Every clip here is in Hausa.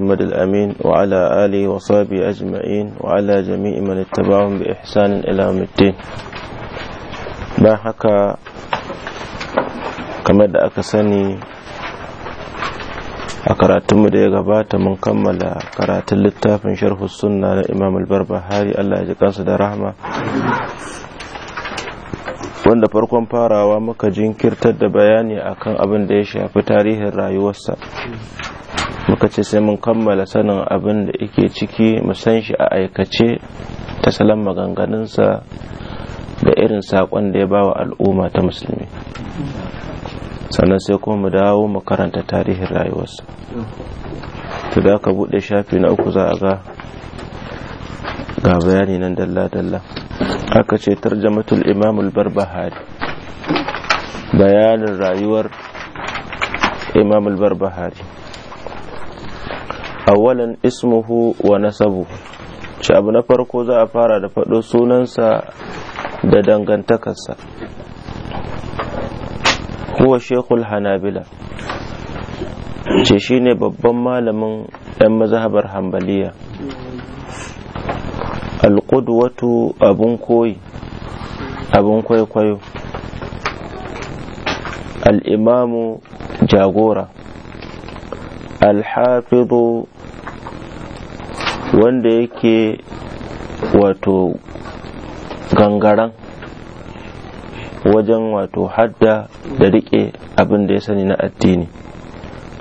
محمد الأمين وعلى آله وصحبه أجمعين وعلى جميع من اتبعهم بإحسان إلى يوم الدين ما حكى كما da aka sani a karatunmu da ya gabata mun kammala karatun littafin sharhu sunna na imam al-barbahari Allah ya kansa da rahma wanda farkon farawa muka jinkirtar da bayani akan abin da ya shafi tarihin rayuwarsa muka ce sai mun kammala sanin abin da yake ciki mu san shi a aikace ta salon maganganunsa da irin saƙon da ya ba wa al'umma ta musulmi sannan sai kuma mu dawo mu karanta tarihin rayuwarsa to da aka buɗe shafi na uku za a ga ga bayani nan dalla-dalla aka ce tarjamatul imamul barbahari bayanin rayuwar imamul barbahari awalan ismuhu wa nasabu shi abu na farko za a fara da faɗo sunansa da dangantakarsa huwa shekul hanabila ce shi ne babban malamin 'yan mazhabar hambaliya alƙudwatu abun koyi abun kwaikwayo al'imamu jagora alhafizu wanda yake wato gangaran wajen wato hadda da riƙe abin da ya sani na addini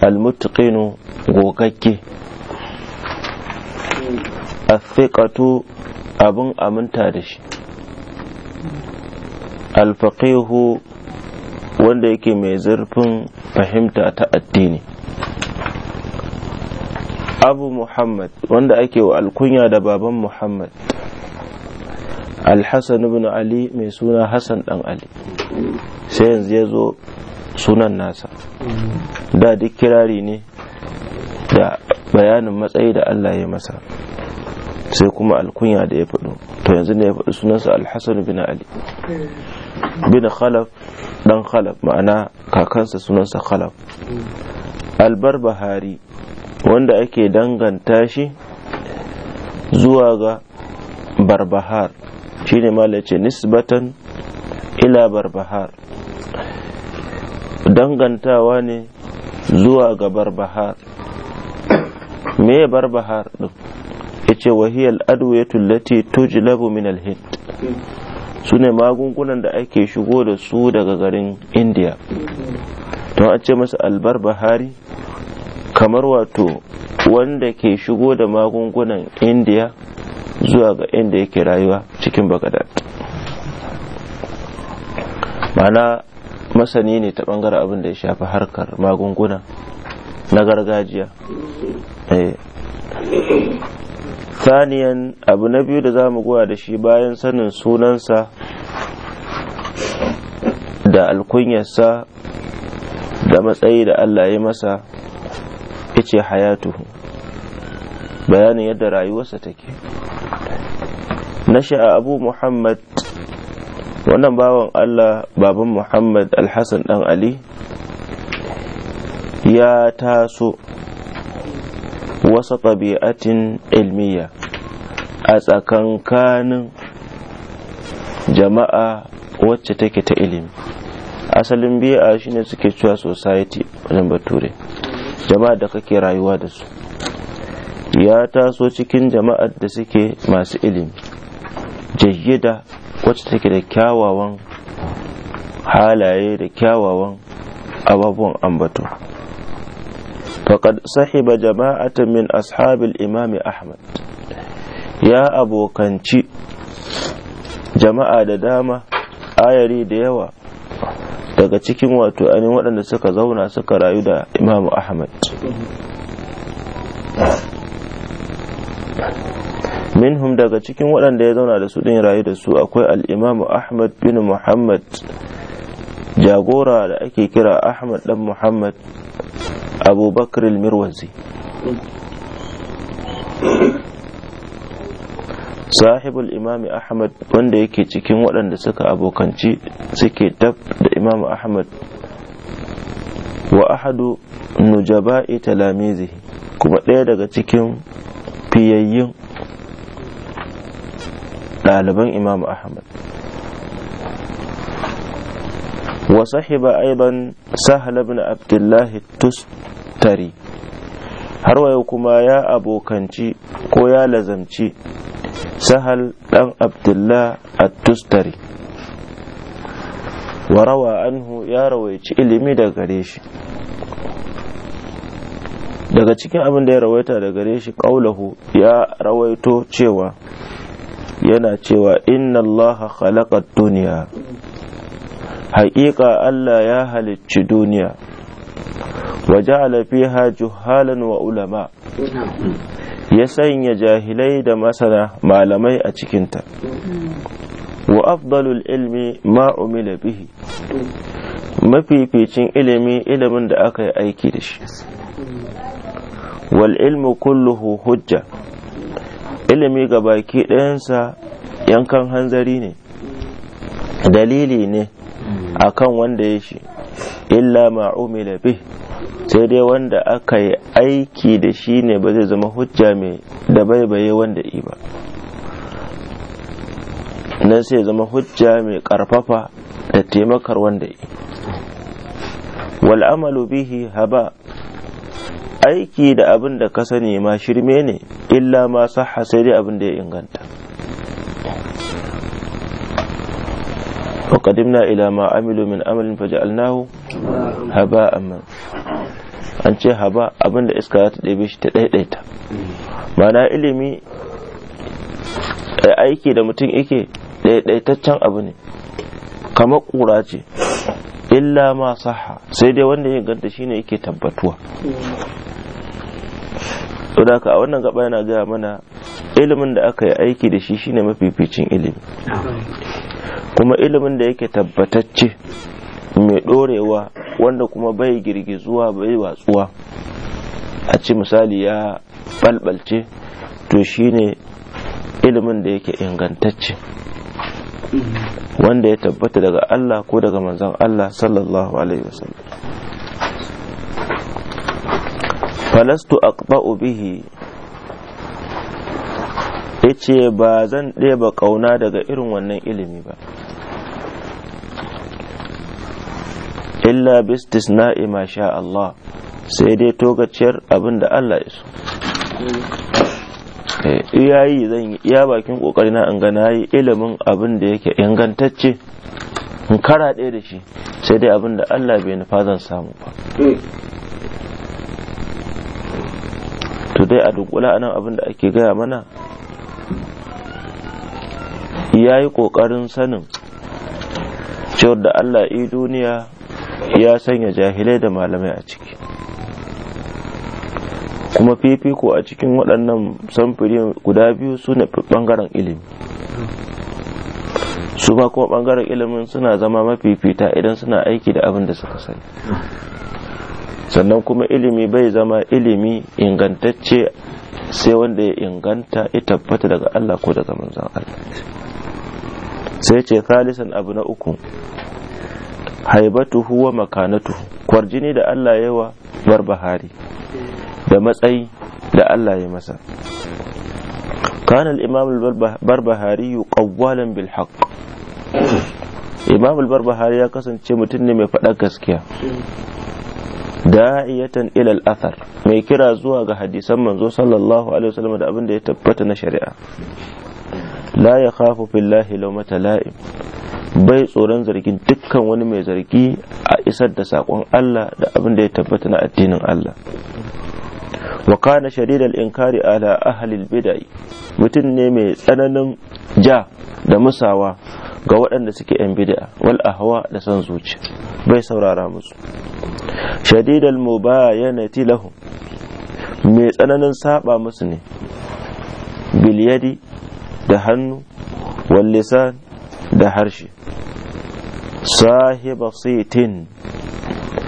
almutqinu gogakke athiqatu abin aminta da shi alfaqihu wanda yake mai zurfin fahimta ta addini abu muhammad wanda ake wa alkunya da baban muhammad alhassan ibn ali mai suna hassan dan ali sai yanzu ya zo sunan nasa da duk kirari ne da bayanin matsayi da allah ya masa sai kuma alkunya da ya faɗo to yanzu ne ya faɗi sunansa alhassan ibn ali bin khalaf dan khalaf ma'ana kakansa sunansa khalaf albar bahari wanda ake danganta shi zuwa ga barbahar shine malace nisbatan ila barbahar dangantawa ne zuwa ga barbahar me barbahar din yace wahiyal adwiyatu allati tujlabu min al su sune magungunan da ake shigo da su daga garin indiya to a ce masa albarbahari kamar wato wanda ke shigo da magungunan indiya zuwa ga inda yake rayuwa cikin bagada mana masani ne ta bangaren abin da ya shafi harkar magunguna na gargajiya eh. saniyan abu na biyu da zamu mu da shi bayan sanin sunansa da alkunyarsa da matsayi da allah ya masa ita ce hayatuhu bayanin yadda rayuwarsa take nasha abu muhammad wannan bawan allah baban muhammad alhassan dan ali ya taso wasu ɗabi'atin ilmiya a tsakankanin jama'a wacce take ta ilimi asalin bi'a shine suke cewa society wajen bature jama'a da kake rayuwa da su ya taso cikin jama'ar da suke masu ilimi jayyida wacce take da kyawawan halaye da kyawawan ababuwan ambato faƙad sahiba jama'atan min ashabil imami ahmad ya abokanci jama'a da dama ayari da yawa daga cikin wato ainihin waɗanda suka zauna suka rayu da imamu ahmad minhum daga cikin waɗanda ya zauna da su ɗin rayu da su akwai al'imam ahmad bin muhammad jagora da ake kira ahmad ɗan muhammad abubakar mirwazi sahibul imami ahmad wanda yake cikin waɗanda suka abokanci suke dab da imamu ahmad wa ahadu nujaba'i talamizi kuma ɗaya daga cikin fiyayyun ɗaliban imam ahmad wa sahiba aiban sahal ibn abdullahi tustari har wayo kuma ya abokanci ko ya lazamci sahal ɗan abdullah at-tustari wa rawa anhu ya rawaici ilimi daga gare shi daga cikin abin da ya rawaita daga gare shi ƙaulahu ya rawaito cewa yana cewa inna allaha khalaqa duniya haƙiƙa allah ya halicci duniya wa ja'ala fiha juhalan wa ulama ya sanya jahilai da masana malamai a cikinta wa afdalul ilmi ma umila bihi mafificin ilimi ilimin da aka yi aiki da shi wal ilmu kulluhu hujja ilimi ga baki ɗayansa yankan hanzari ne dalili ne akan wanda ya shi illa ma umila bihi sai dai wanda aka yi aiki da shi ne ba zai zama hujja mai da baye wanda yi ba nan sai zama hujja mai karfafa da taimakar wanda i wal'amalu bihi haba aiki da abin da ka sani ma shirme ne illa ma saha sai dai abin da ya inganta وقدمنا إلى ما عملوا من أمل فجعلناه هباء منثورا an ce haba abinda iska za ta ɗebe shi ta ɗaiɗaita mana ilimi eh, aiki da mutum yake ɗaiɗaitaccen abu ne kamar ƙura ce illa ma saha sai dai wanda ya ganta shine yake tabbatuwa saboda a wannan gaba yana gaya mana ilimin da aka yi aiki da shi shine mafificin ilimi kuma ilimin da yake tabbatacce mai ɗorewa wanda kuma bai girgizuwa bai watsuwa a ci misali ya balbalce to shine ilimin da yake ingantacce wanda ya tabbata daga Allah ko daga manzan Allah sallallahu alaihi wasallam falastu aqba'u bihi yace ba zan ɗeba ƙauna daga irin wannan ilimi ba illa bistisna'i ma sha Allah sai dai togaciyar abin da Allah ya so eh, iya zan iya bakin kokari na in ga nayi ilimin abin da yake ingantacce in kara ɗaya da shi sai dai abin da Allah bai nufa zan samu ba to dai a dukkula anan abin da ake gaya mana ya yi sanin cewa da Allah yi duniya ya sanya jahilai da malamai a ciki kuma fifiko a cikin waɗannan samfuri guda biyu su ne ɓangaren ilimi su ba kuma ɓangaren ilimin suna zama mafifita idan suna aiki da abin da suka sani sannan kuma ilimi bai zama ilimi ingantacce sai wanda ya inganta ya tabbata daga Allah ko daga manzon Allah sai ce thalisan abu na uku haibatuhu wa makanatuhu kwarjini da Allah yawa bahari da matsayi da Allah ya masa bil haqq imam al-barbahari ya kasance mutum ne mai ما gaskiya. da'iyatan ilal athar mai kira zuwa ga hadisan manzo sallallahu alaihi wasallam da abin da ya tabbata na shari'a la ya khafu fillahi mata la'im. bai tsoron zargin dukkan wani mai zargi a isar da saƙon Allah da abin da ya tabbata na addinin Allah wa kana shadidal inkari ala ahlil bid'ah mutum ne mai tsananin ja da musawa ga waɗanda suke yan bid'a wal ahwa da san zuci bai saurara musu shadidal mubayanati lahum mai tsananin saba musu ne bilyadi da hannu wal lisan da harshe sahiba sitin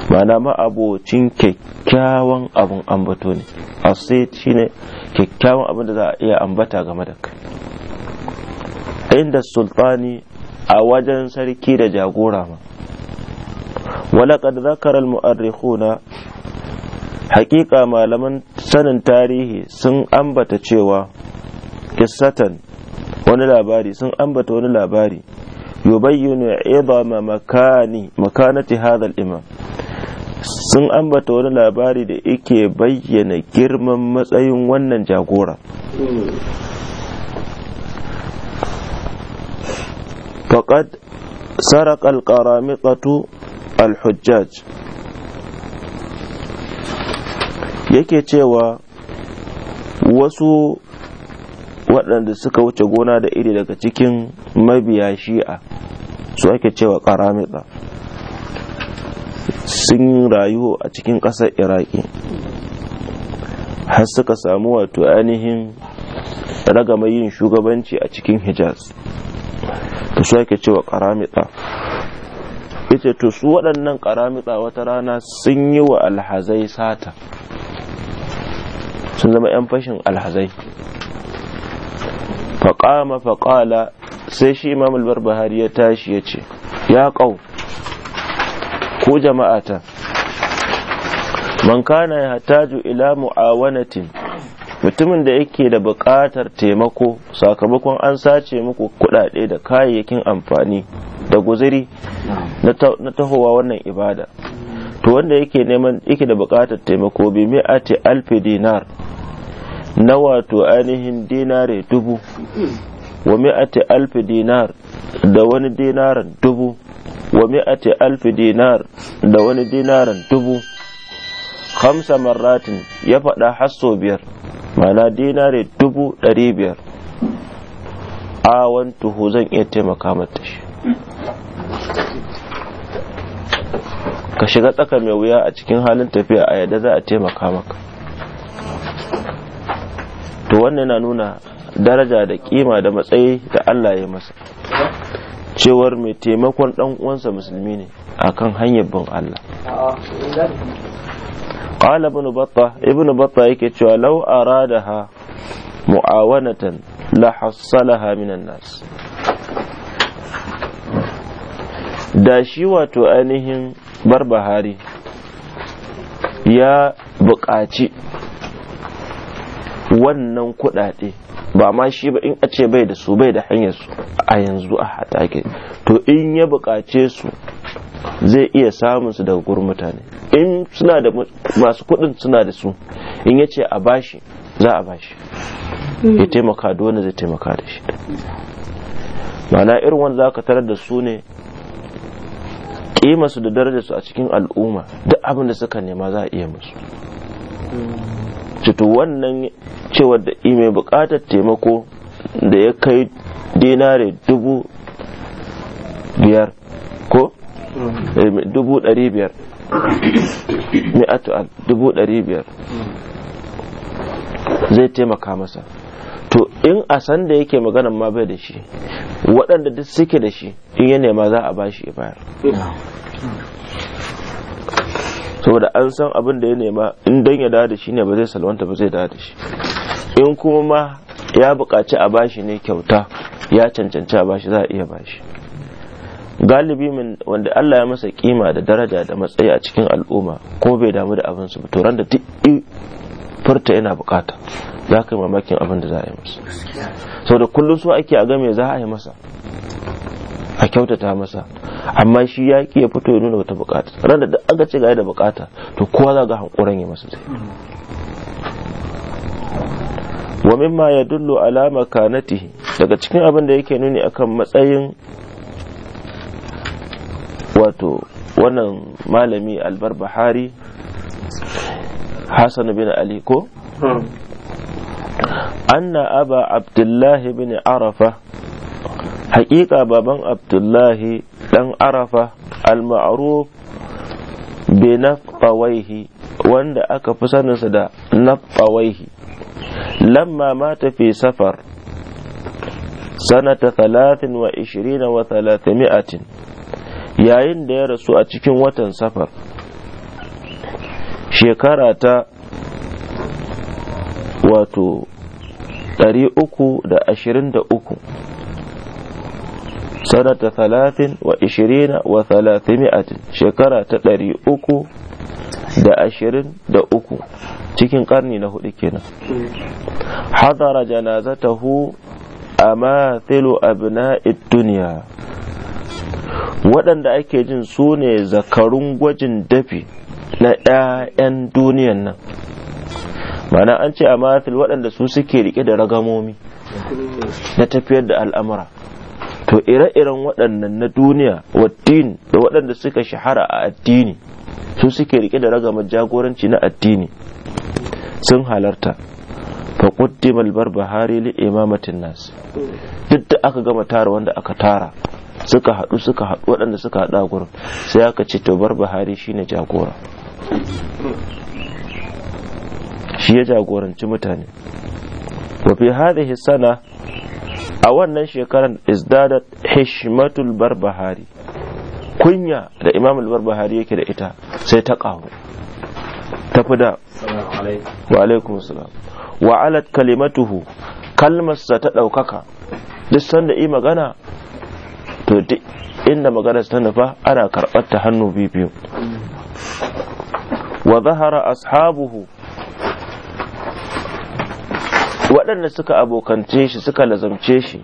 mana ma'abocin kyakkyawan abin ambato ne asit shine kyakkyawan abin da za a iya ambata game da kai inda sultani a wajen sarki da jagora ma walaƙad zakarar na hakika malaman sanin tarihi sun ambata cewa kisatan wani labari sun ambata wani labari yubayyinu idama makani makanati hadha al-imam sun ambata wani labari da yake bayyana girman matsayin wannan jagora faqad saraqa al-qaramiqatu al yake cewa wasu waɗanda suka wuce gona da iri daga cikin mabiya shi'a su ake cewa karamita sun rayu a cikin ƙasar iraki har suka samu wato ainihin ragama yin shugabanci a cikin hijaz da su ake cewa karamita ita to su waɗannan karamita wata rana sun yi wa alhazai sata sun zama 'yan fashin alhazai faƙama faƙala sai shi imam buhari ya tashi ya ce ya ƙau ko jama'ata man kana ya hataju ila mu'awanatin mutumin da yake da buƙatar taimako sakamakon an sace muku kuɗaɗe da kayayyakin amfani da guziri na tahowa wannan ibada to wanda yake neman yake da buƙatar taimako bi mi'ati alfi dinar na wato ainihin dinare dubu wa mi'ati alfi dinar da wani dinaran dubu wa mi'ati alfi dinar da wani dinaran dubu hamsa marratin ya faɗa hasso biyar mana dinare dubu ɗari biyar awan tuhu zan iya taimaka mata shi ka shiga tsaka mai wuya a cikin halin tafiya a yadda za a taimaka maka to wannan na nuna daraja da kima da matsayi da Allah ya masa cewar mai taimakon dan uwansa musulmi ne akan hanyar bin Allah qala ibn batta ibn batta yake cewa law aradaha mu'awanatan la hassalaha minan nas da shi wato ainihin barbahari ya buƙaci wannan kuɗaɗe ba ma shi ba in a ce bai da su bai da hanyar su a yanzu a hatake to in ya buƙace su zai iya samun su daga gurin mutane in suna da masu kuɗin suna da su in ya ce a bashi za a bashi ya taimaka da zai taimaka da shi ma'ana irin wanda za ka tarar da su ne su da darajarsu a cikin al'umma duk abin da suka nema za a iya musu cito wannan cewa da mai bukatar taimako da ya kai dinare dubu biyar ko eh, dubu ɗari biyar mi'atu atua dubu ɗari biyar zai taimaka masa to in a san yake maganan ma bai da shi waɗanda duk suke da shi in ya nema za a bashi ya bayar saboda an san abin da ya nema in don ya dawo da shi ne ba zai salwanta ba zai dawo da shi in kuma ma ya bukaci a bashi ne kyauta ya cancanci a bashi za a iya bashi galibi min wanda Allah ya masa kima da daraja da matsayi a cikin al'umma ko bai damu da abin su ba to da duk furta yana bukata za ka yi mamakin abin da za a yi masa saboda kullum su ake a game za a yi masa a kyautata masa amma shi ya ke ya fito ya nuna wata bukata ran da aka ce ga da bukata to kowa za ga hankuran ya masa zai wa mimma ya dullo alama kanatihi daga cikin abin da yake nuni akan matsayin wato wannan malami albar bahari hassan bin ali ko anna aba abdullahi bin arafa haƙiƙa baban abdullahi Ɗan arafa al-ma'ruf bi nafqawaihi wanda aka fi saninsa da nafqawaihi lamma mata fi safar sanata talatin wa ishirina wa yayin da ya rasu a cikin watan safar shekara ta wato 323 uku sanata talatin wa ishirina wa talatimi'atin shekara ta ɗari uku da ashirin da uku cikin ƙarni na hudu kenan hadara janazatahu amathilu abna'id duniya waɗanda ake jin su ne zakarun gwajin dafi na 'ya'yan duniyan nan ma'ana an ce a matilu waɗanda su suke riƙe da ragamomi na tafiyar da al'amura to ire-iren waɗannan na duniya waddin da waɗanda suka shahara a addini su suke rike da ragamar jagoranci na addini sun halarta faƙuddimal barbahari li imamatin nas duk da aka gama tara wanda aka tara suka haɗu suka hadu waɗanda suka haɗu a gurin sai aka ce to barbahari shine jagora shi ya jagoranci mutane wa fi hadhihi sana a wannan shekaran izdadat hishmatul barbahari kunya da imam barbahari yake da ita sai ta ƙaho fi da wa alaikum salam wa alat kalimatuhu kalmarsa ta ɗaukaka duk sanda yi magana to inda magana ta nufa ana karɓar ta hannu biyu wa zahara ashabuhu waɗanda suka abokance shi suka lazamce shi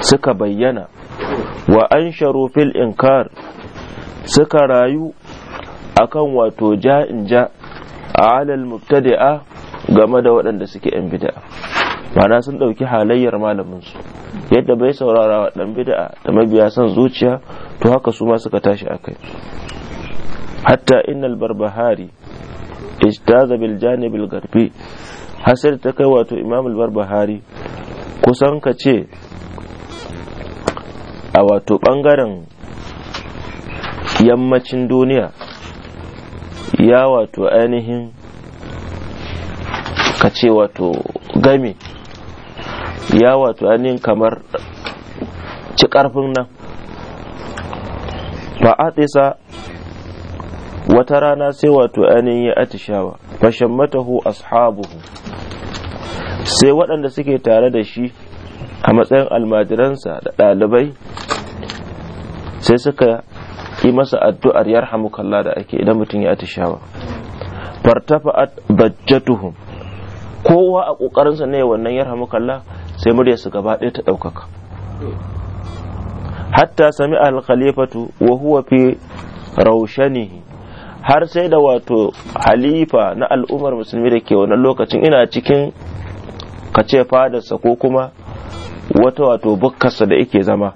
suka bayyana wa an fil inkar suka rayu akan wato ja'in ja a alal mubtadi'a game da waɗanda suke yan bida'a mana sun ɗauki halayyar malaminsu yadda bai saurara waɗan bida'a da mabiya son zuciya to haka su ma suka tashi a kai hatta innal barbahari ijtaza bil janibil garbi har ta kai wato imam al-barbahari kusan ka ce a wato bangaren yammacin duniya ya wato ainihin ka ce wato game ya wato ainihin kamar ci karfin nan ba a tsisa wata rana sai wato ainihin ya atishawa fashammatahu ashabuhu sai waɗanda suke tare da shi a matsayin almajiransa da ɗalibai sai suka yi masa addu'ar yarhamukallah da ake idan mutum ya atishawa fartafa'at bajjatuhum kowa a ƙoƙarinsa ne wannan yarhamukallah sai murya su gaba ɗaya ta ɗaukaka hatta sami al-khalifatu wa huwa fi raushanihi har sai da wato halifa na al'ummar musulmi da ke wannan lokacin ina cikin ka ce fadarsa ko kuma wata wato bukkarsa da yake zama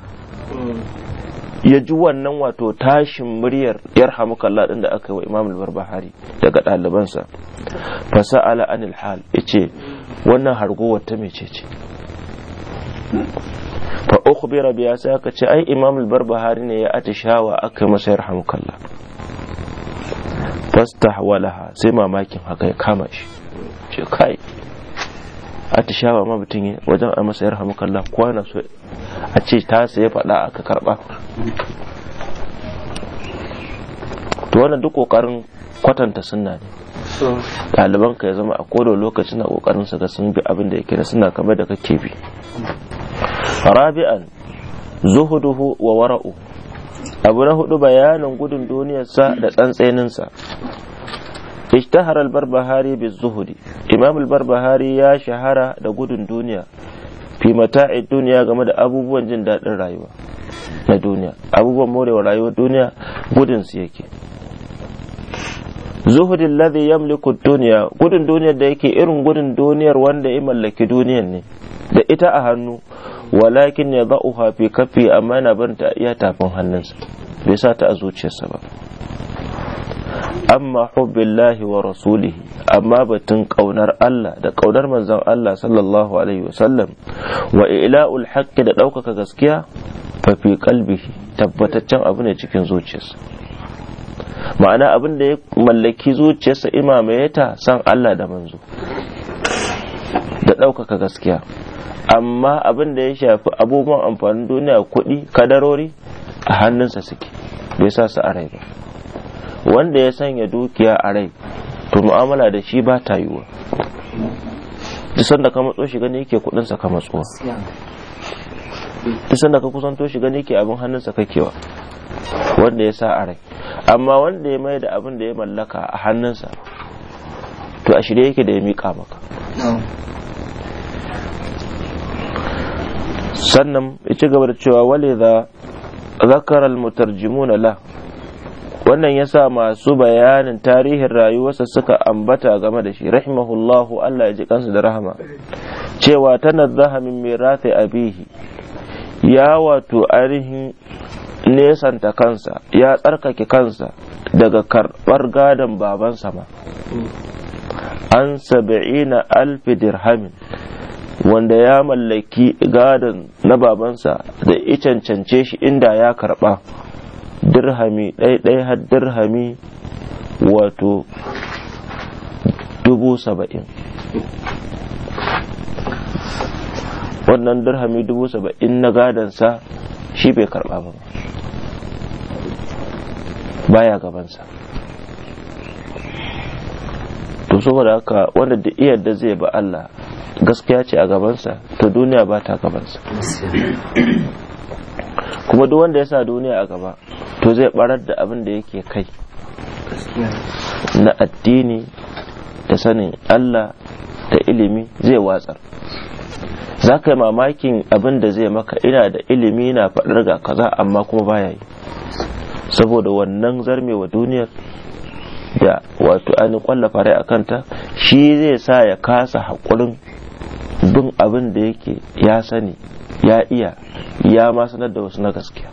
ya ji wannan wato tashin muryar yar kalla ɗin da aka yi wa Imam barbahari daga ɗalibansa fa sa'ala anil hal yace wannan hargowar ta ce fa ukhbira biya sai aka ce ai Imam barbahari ne ya atishawa aka yi masa fasta walaha sai mamakin haka ya kama shi ce a shawa ma mutum yi wajen a masa yarhamu kalla kwana so a ce ta ya faɗa aka karɓa to wannan duk ƙoƙarin kwatanta sunna ne ɗaliban ka ya zama a kodo lokacin na ƙoƙarin su ga sun bi abin da yake da suna kamar da kake bi rabi'an zuhuduhu wa wara'u abu na hudu bayanin gudun duniyarsa da tsantsaninsa. ishtahara al-barbahari bi zuhudi imam al-barbahari ya shahara da gudun duniya fi duniya game da abubuwan jin daɗin rayuwa na duniya abubuwan morewa rayuwar duniya gudun su yake zuhudin ladhi yamliku duniya gudun duniyar da yake irin gudun duniyar wanda ya mallaki duniyar ne da ita a hannu walakin ya ba fi kafi amma yana banta iya tafin hannunsa bai sa ta a zuciyarsa ba amma hubbillahi wa rasulihi amma batun kaunar Allah da kaunar manzon Allah sallallahu alaihi wasallam wa ila'ul haqqi da ɗaukaka gaskiya fa fi qalbihi tabbataccen abu ne cikin zuciyarsa ma'ana abin da ya mallaki zuciyarsa imamaye ta san Allah da manzo da ɗaukaka gaskiya amma abin da ya shafi abubuwan amfanin duniya kuɗi kadarori a hannunsa suke bai sa su a ba wanda ya sanya dukiya a rai to mu'amala da shi ba ta yiwuwa duk sanda ka matso shi gani yake kudinsa ka matsuwa duk sanda ka kusanto shi gani yake abin hannunsa kakewa wanda ya sa a rai amma wanda ya mai da abin da ya mallaka a hannunsa to a shirye yake da ya miƙa maka sannan ya ci gaba da cewa wale za zakarar na la wannan ya sa masu bayanin tarihin rayuwarsa suka ambata game da shi rahimahullahu Allah ya ji kansu da rahama cewa tana zaha min mirathi abihi ya wato arihin nesanta kansa ya tsarkake kansa daga karbar gadon babansa ma an saba'ina alfi dirhamin wanda ya mallaki gadon na babansa da icancance shi inda ya karba. dirhami ɗaiɗai har dirhami wato dubu saba'in wannan dirhami dubu saba'in na gadansa shi bai karɓa ba baya gabansa to saboda haka wanda da iyar da zai ba Allah gaskiya ce a gabansa to duniya ba ta gabansa kuma duk wanda ya sa duniya a gaba to zai barar da abin da yake kai na addini da sanin Allah da ilimi zai watsar za ka yi mamakin abin da zai maka ina da ilimi na faɗar ga kaza amma kuma baya yi saboda wannan zarme wa duniyar da wato ainihin kwallafa rai a kanta shi zai sa ya kasa haƙurin bin abin da yake ya sani ya iya ya ma sanar da wasu na gaskiya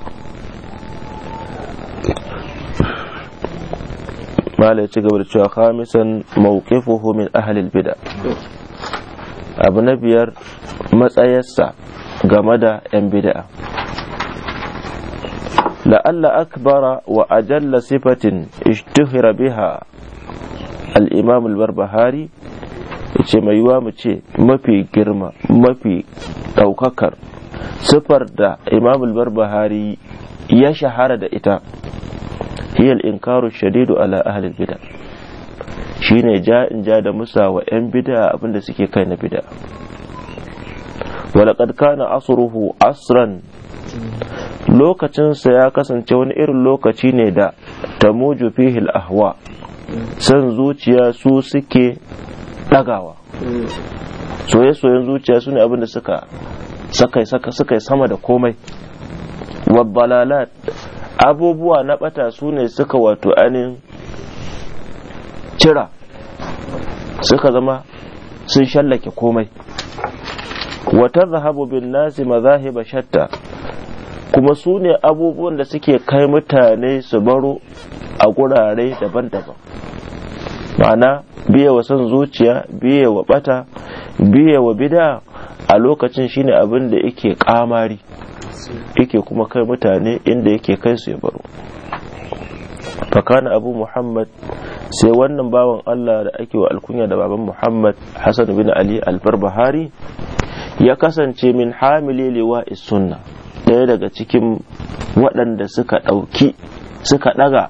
malai ci gaba da cewa khamisan mawqifuhu min ahlil bid'a abu na biyar matsayarsa game da 'yan bid'a la'alla akbara wa ajalla sifatin ishtuhira biha al-imam al-barbahari ce mai yiwa mu ce mafi girma mafi ɗaukakar sufar da imam al-barbahari ya shahara da ita hiyal inkaru shadidu ala ahlil bid'a shine ja in ja da musa wa yan bid'a abinda suke kai na bid'a walaqad kana asruhu asran lokacinsa ya kasance wani irin lokaci ne da tamuju fihi ahwa san zuciya su suke dagawa hmm. soye-soyen zuciya su ne abin suka suka yi sama da komai wabbalalat abubuwa na bata su ne suka wato anin cira suka zama sun shallake komai watan zahabu bin nasi mazahiba shatta kuma su ne abubuwan da suke kai mutane su baro a gurare daban-daban ma'ana biye wa son zuciya biye wa bata biye bida a lokacin shine abin da yake kamari yake kuma kai mutane inda yake kai su ya baro fakana abu muhammad sai wannan bawan allah da ake wa alkunya da baban muhammad hassan bin ali albarbahari ya kasance min hamile lewa sunna daya daga cikin waɗanda suka ɗauki suka ɗaga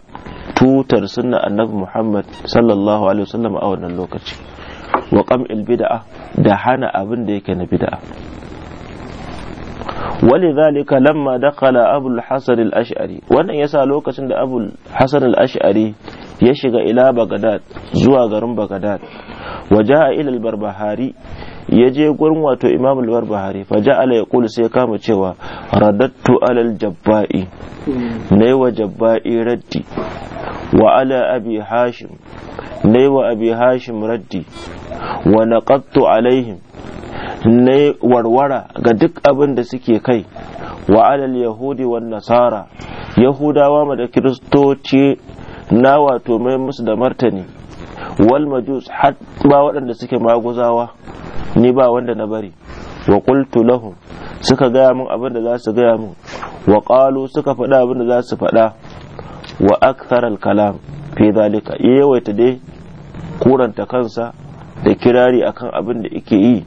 tutar sunna annabi muhammad sallallahu alaihi wasallam a wannan lokaci wa ƙam’il bida’a da hana abin da yake na bida’a. wali zalika lamma dakhala abul hasan al ash'ari wannan yasa lokacin da abul hasan al ash'ari ya shiga ila bagdad zuwa garin bagdad wajaa ila al barbahari ya je gurin wato imam al bahari fa ja'ala ya kulu sai kama cewa radattu alal jabba'i na wa jabba'i raddi wa ala abi hashim na wa abi hashim raddi wa naqattu alaihim na warwara ga duk abin da suke kai wa alal yahudi wa nasara yahudawa ma da kiristoci na wato mai musu da martani wal majus har ba waɗanda suke maguzawa ni ba wanda na bari wa qultu lahum suka gaya min abin da za su gaya min wa qalu suka faɗa abin da za su faɗa wa akthar al kalam fi zalika yawaita dai kuranta kansa da kirari akan abin da yake yi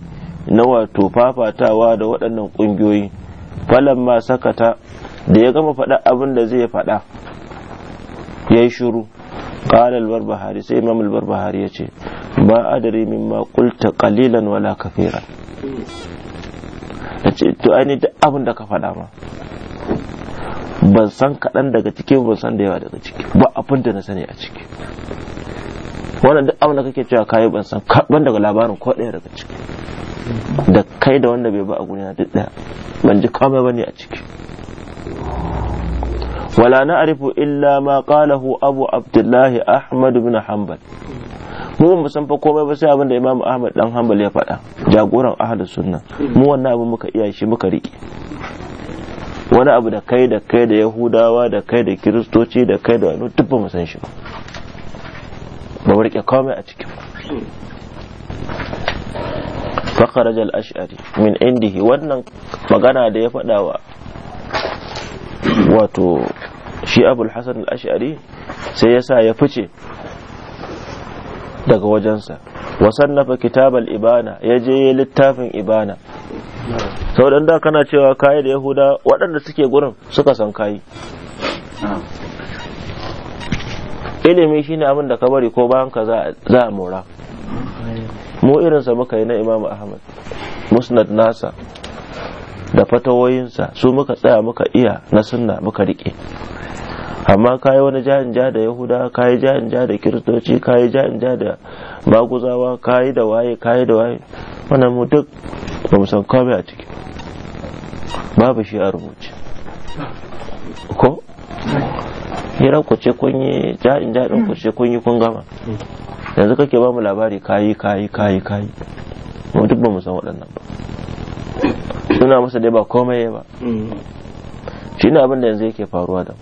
na wato fafatawa da waɗannan ƙungiyoyi ma sakata da ya gama faɗa abin da zai faɗa ya yi shiru قال البربهاري سي امام البربهاري يجي ما ادري مما قلت قليلا ولا كثيرا yace to ai ne duk abin da ka faɗa ma ban san kaɗan daga ciki ban san da yawa daga ciki ba abin da na sani a ciki wannan duk abin da kake cewa kayi ban san ban daga labarin ko ɗaya daga ciki da kai da wanda bai ba a na duk ɗaya ban ji komai bane a ciki wala arifu illa ma kalahu abu abdullahi ahmad bin hanbal mu ba san fa komai ba sai abin da imamu ahmad dan hanbal ya faɗa jagoran ahlus sunna mu wannan abu muka iya shi muka riƙe wani abu da kai da kai da yahudawa da kai da kiristoci da kai da wani duk ba mu san shi ba ba mu komai a cikin fakaraja al-ash'ari min indihi wannan magana da ya faɗa wa wato shi abul hasan al-ash'ari sai ya sa ya fice daga wajensa wa sannafa kitabal ibana ya je littafin ibana sau da kana cewa kai da yahuda waɗanda suke gurin suka san kayi ilimi shine abin da ka bari ko bayan ka za a mora mu irinsa muka yi na imam ahmad musnad nasa da fatawoyinsa su muka tsaya muka iya na sunna muka rike amma ka yi wani ja'in ja da yahuda yi ja'in ja da kiristoci yi ja'in ja da maguzawa yi da waye ka yi da waye wannan mu duk ba mu san komai a ciki babu shi a rubuce ko hira ku ce kun yi ja'in ja ɗin ku ce kun yi kun gama yanzu kake ba mu labari kayi kayi kayi kayi mu duk ba mu san waɗannan ba nuna masa dai ba komai ba mm. shi ne abin da yanzu yake faruwa da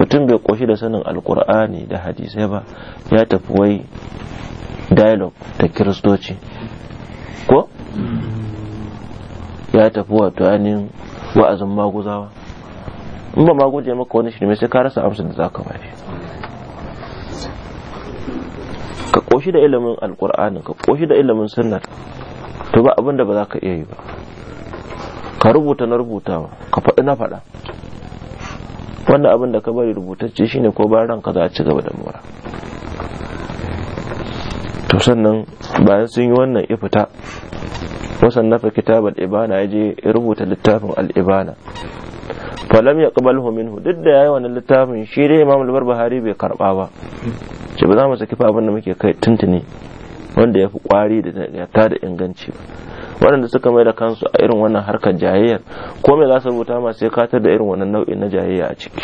mutum bai koshi da sanin alkur'ani da hadisai ba ya tafi wai dialogue da kiristoci ko mm. ya tafi wato ainihin wa'azin maguzawa in ba maguje maka wani shirme sai ka rasa amsa da zaka bashi ka koshi da ilimin alkur'ani ka koshi da ilimin sunnar to ba abin da ba za ka iya yi ba ka rubuta na rubutawa ka faɗi na faɗa wannan abin da ka bari rubutacce shine ko bayan ranka za a ci gaba da mura to sannan bayan sun yi wannan ifita wasan nafa kitabar ibana ya je rubuta littafin alibana falam ya qabalhu minhu duk da yayi wannan littafin shi dai imam al-barbahari bai karba ba ce ba za mu saki abin da muke kai tuntuni wanda ya fi kwari da ta da inganci ba waɗanda suka mai da kansu a irin wannan harkar jayayyar ko mai za su rubuta ma sai katar da irin wannan nau'in na jayayya a ciki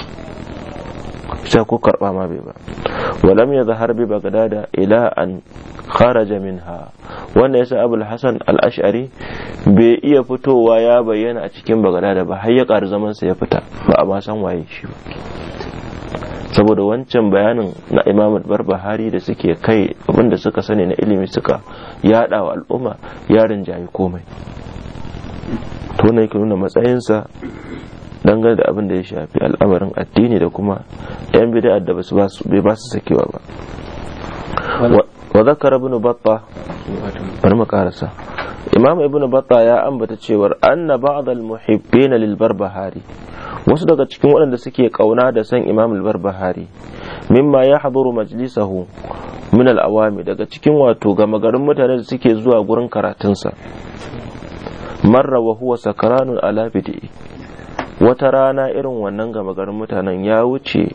sai ko karɓa ma bai ba walam ya zahar bi bagdada ila an kharaja minha wannan yasa abul hasan al-ash'ari bai iya fitowa ya bayyana a cikin bagdada ba har ya karu zaman sa ya fita ba a ma san waye shi ba saboda wancan bayanin na imam barbahari da suke kai abinda suka sani na ilimi suka yada wa al'umma yarin jayi komai to ne nuna matsayinsa dangane da abin ya shafi al'amarin addini da kuma yan bid'a da basu basu bai basu sakewa ba wa zakara ibn batta bar mu imam ibn batta ya ambata cewar anna ba'd al-muhibbin lil barbahari wasu daga cikin waɗanda suke ƙauna da san imam al-barbahari mimma ya hadaru majlisahu min al-awami daga cikin wato gama garin mutane da suke zuwa gurin karatunsa marra wa huwa sakaranun ala bid'i wata rana irin wannan gama garin mutanen ya wuce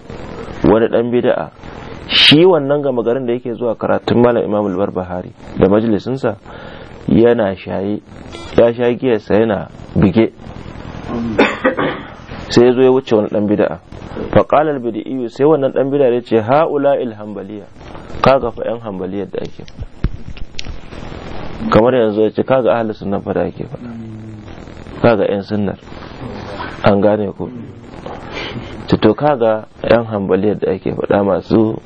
wani dan bid'a shi wannan gama garin da yake zuwa karatun malam imam al-barbahari da majalisinsa yana shaye ya sha giyarsa yana bige sai ya zo ya wuce wani dan bid'a fa qala al bid'i sai wannan dan bid'a ya ce haula il hanbaliya kaga fa yan hanbaliyar da ake kamar yanzu ya ce kaga ahlus sunna fa da ake faɗa kaga yan sunnar an gane ko to kaga yan hanbaliyar da ake faɗa masu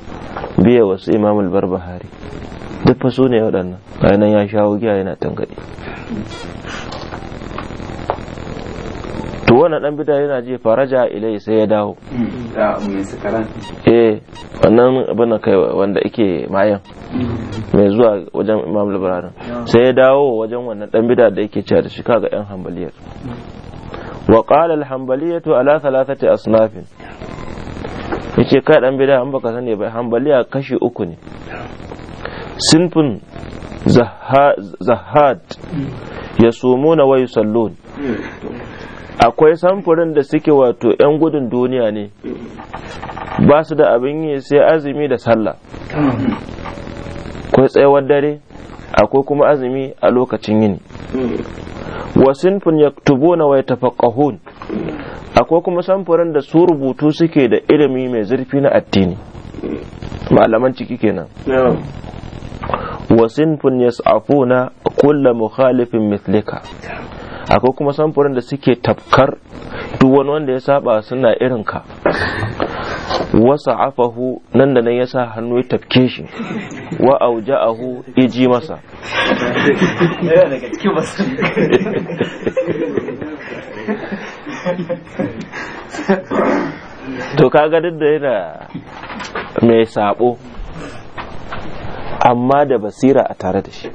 biya wasu al barbahari duk fa su ne waɗannan bayanan ya shawo giya yana tangaɗe wannan dan bida yana ji faraja ilai sai ya dawo eh wannan abin kai wanda ike mayan mai zuwa wajen imam sai ya dawo wajen wannan dan bida da yake cewa da shi kaga yan hanbaliyar wa qala al hanbaliyatu ala thalathati asnafin yace kai dan bida an baka sani bai hanbaliya kashi uku ne sinfin zahad yasumuna wa yusallun akwai samfurin da suke wato 'yan gudun duniya ne ba su da abin yi sai azumi da sallah akwai tsayawar dare akwai kuma azumi a lokacin yini wasinfin ya tubona wai tafakahun akwai kuma samfurin da su rubutu suke da ilimi mai zurfi na addini malaman ciki kenan wasinfin ya na kulla mukhalifin mislika akwai kuma samfurin da suke tafkar duk wani wanda ya saba suna irin ka wasa afahu nan da nan ya sa hannu ya tafke shi wa ahu iji masa to kaga duk da yana mai sabo amma da basira a tare da shi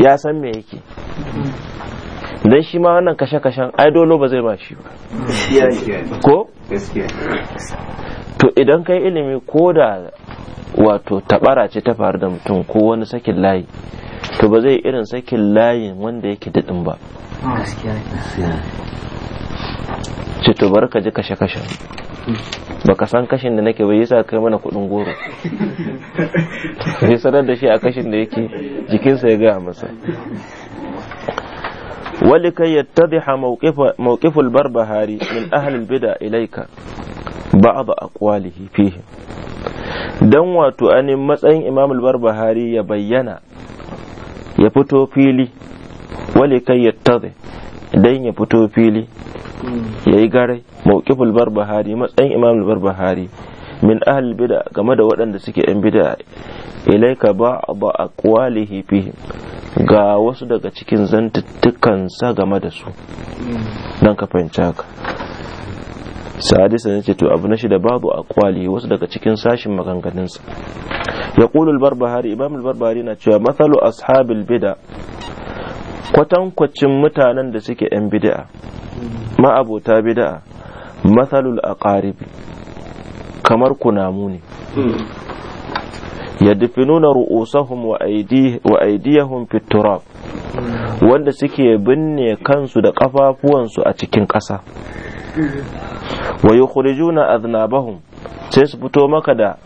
ya san me yake dan shi ma wannan kashe-kashen ai dole ba zai ba shi ba ko to idan kai ilimi ko da wato tabara ce ta faru da mutum ko wani sakin layi to ba zai irin sakin layin wanda yake daɗin ba ce to bar ka ji kashe-kashen baka san kashin da nake bai yasa kai mana kuɗin goro sai sanar da shi a kashin da yake jikinsa ya gaya masa ولكي يتضح موقف موقف البربهاري من أهل البدع إليك بعض أقواله فيه dan wato anin matsayin imam al-barbahari ya bayyana ya fito fili wale kai ya taze dan ya fito fili ya yi garai mawqiful barbahari matsayin imam al min ahal bida game da waɗanda suke yan bida ilaika ba ba aqwalihi fihi ga wasu daga cikin zantuttukansa game da su don ka fahimci haka sadisa ne ce to abu na shida babu a kwali wasu daga cikin sashin maganganunsa ya ƙulul barbahari imam barbahari na cewa matsalu ashabil bida kwatankwacin mutanen da suke yan bida'a ma'abota bida'a matsalul aqaribi kamar kunamu ne hmm. yadfinuna ru'usahum wa aydiyahum fit turab wanda suke binne kansu da su a cikin ƙasa wa yukhrijuna sai su fito maka da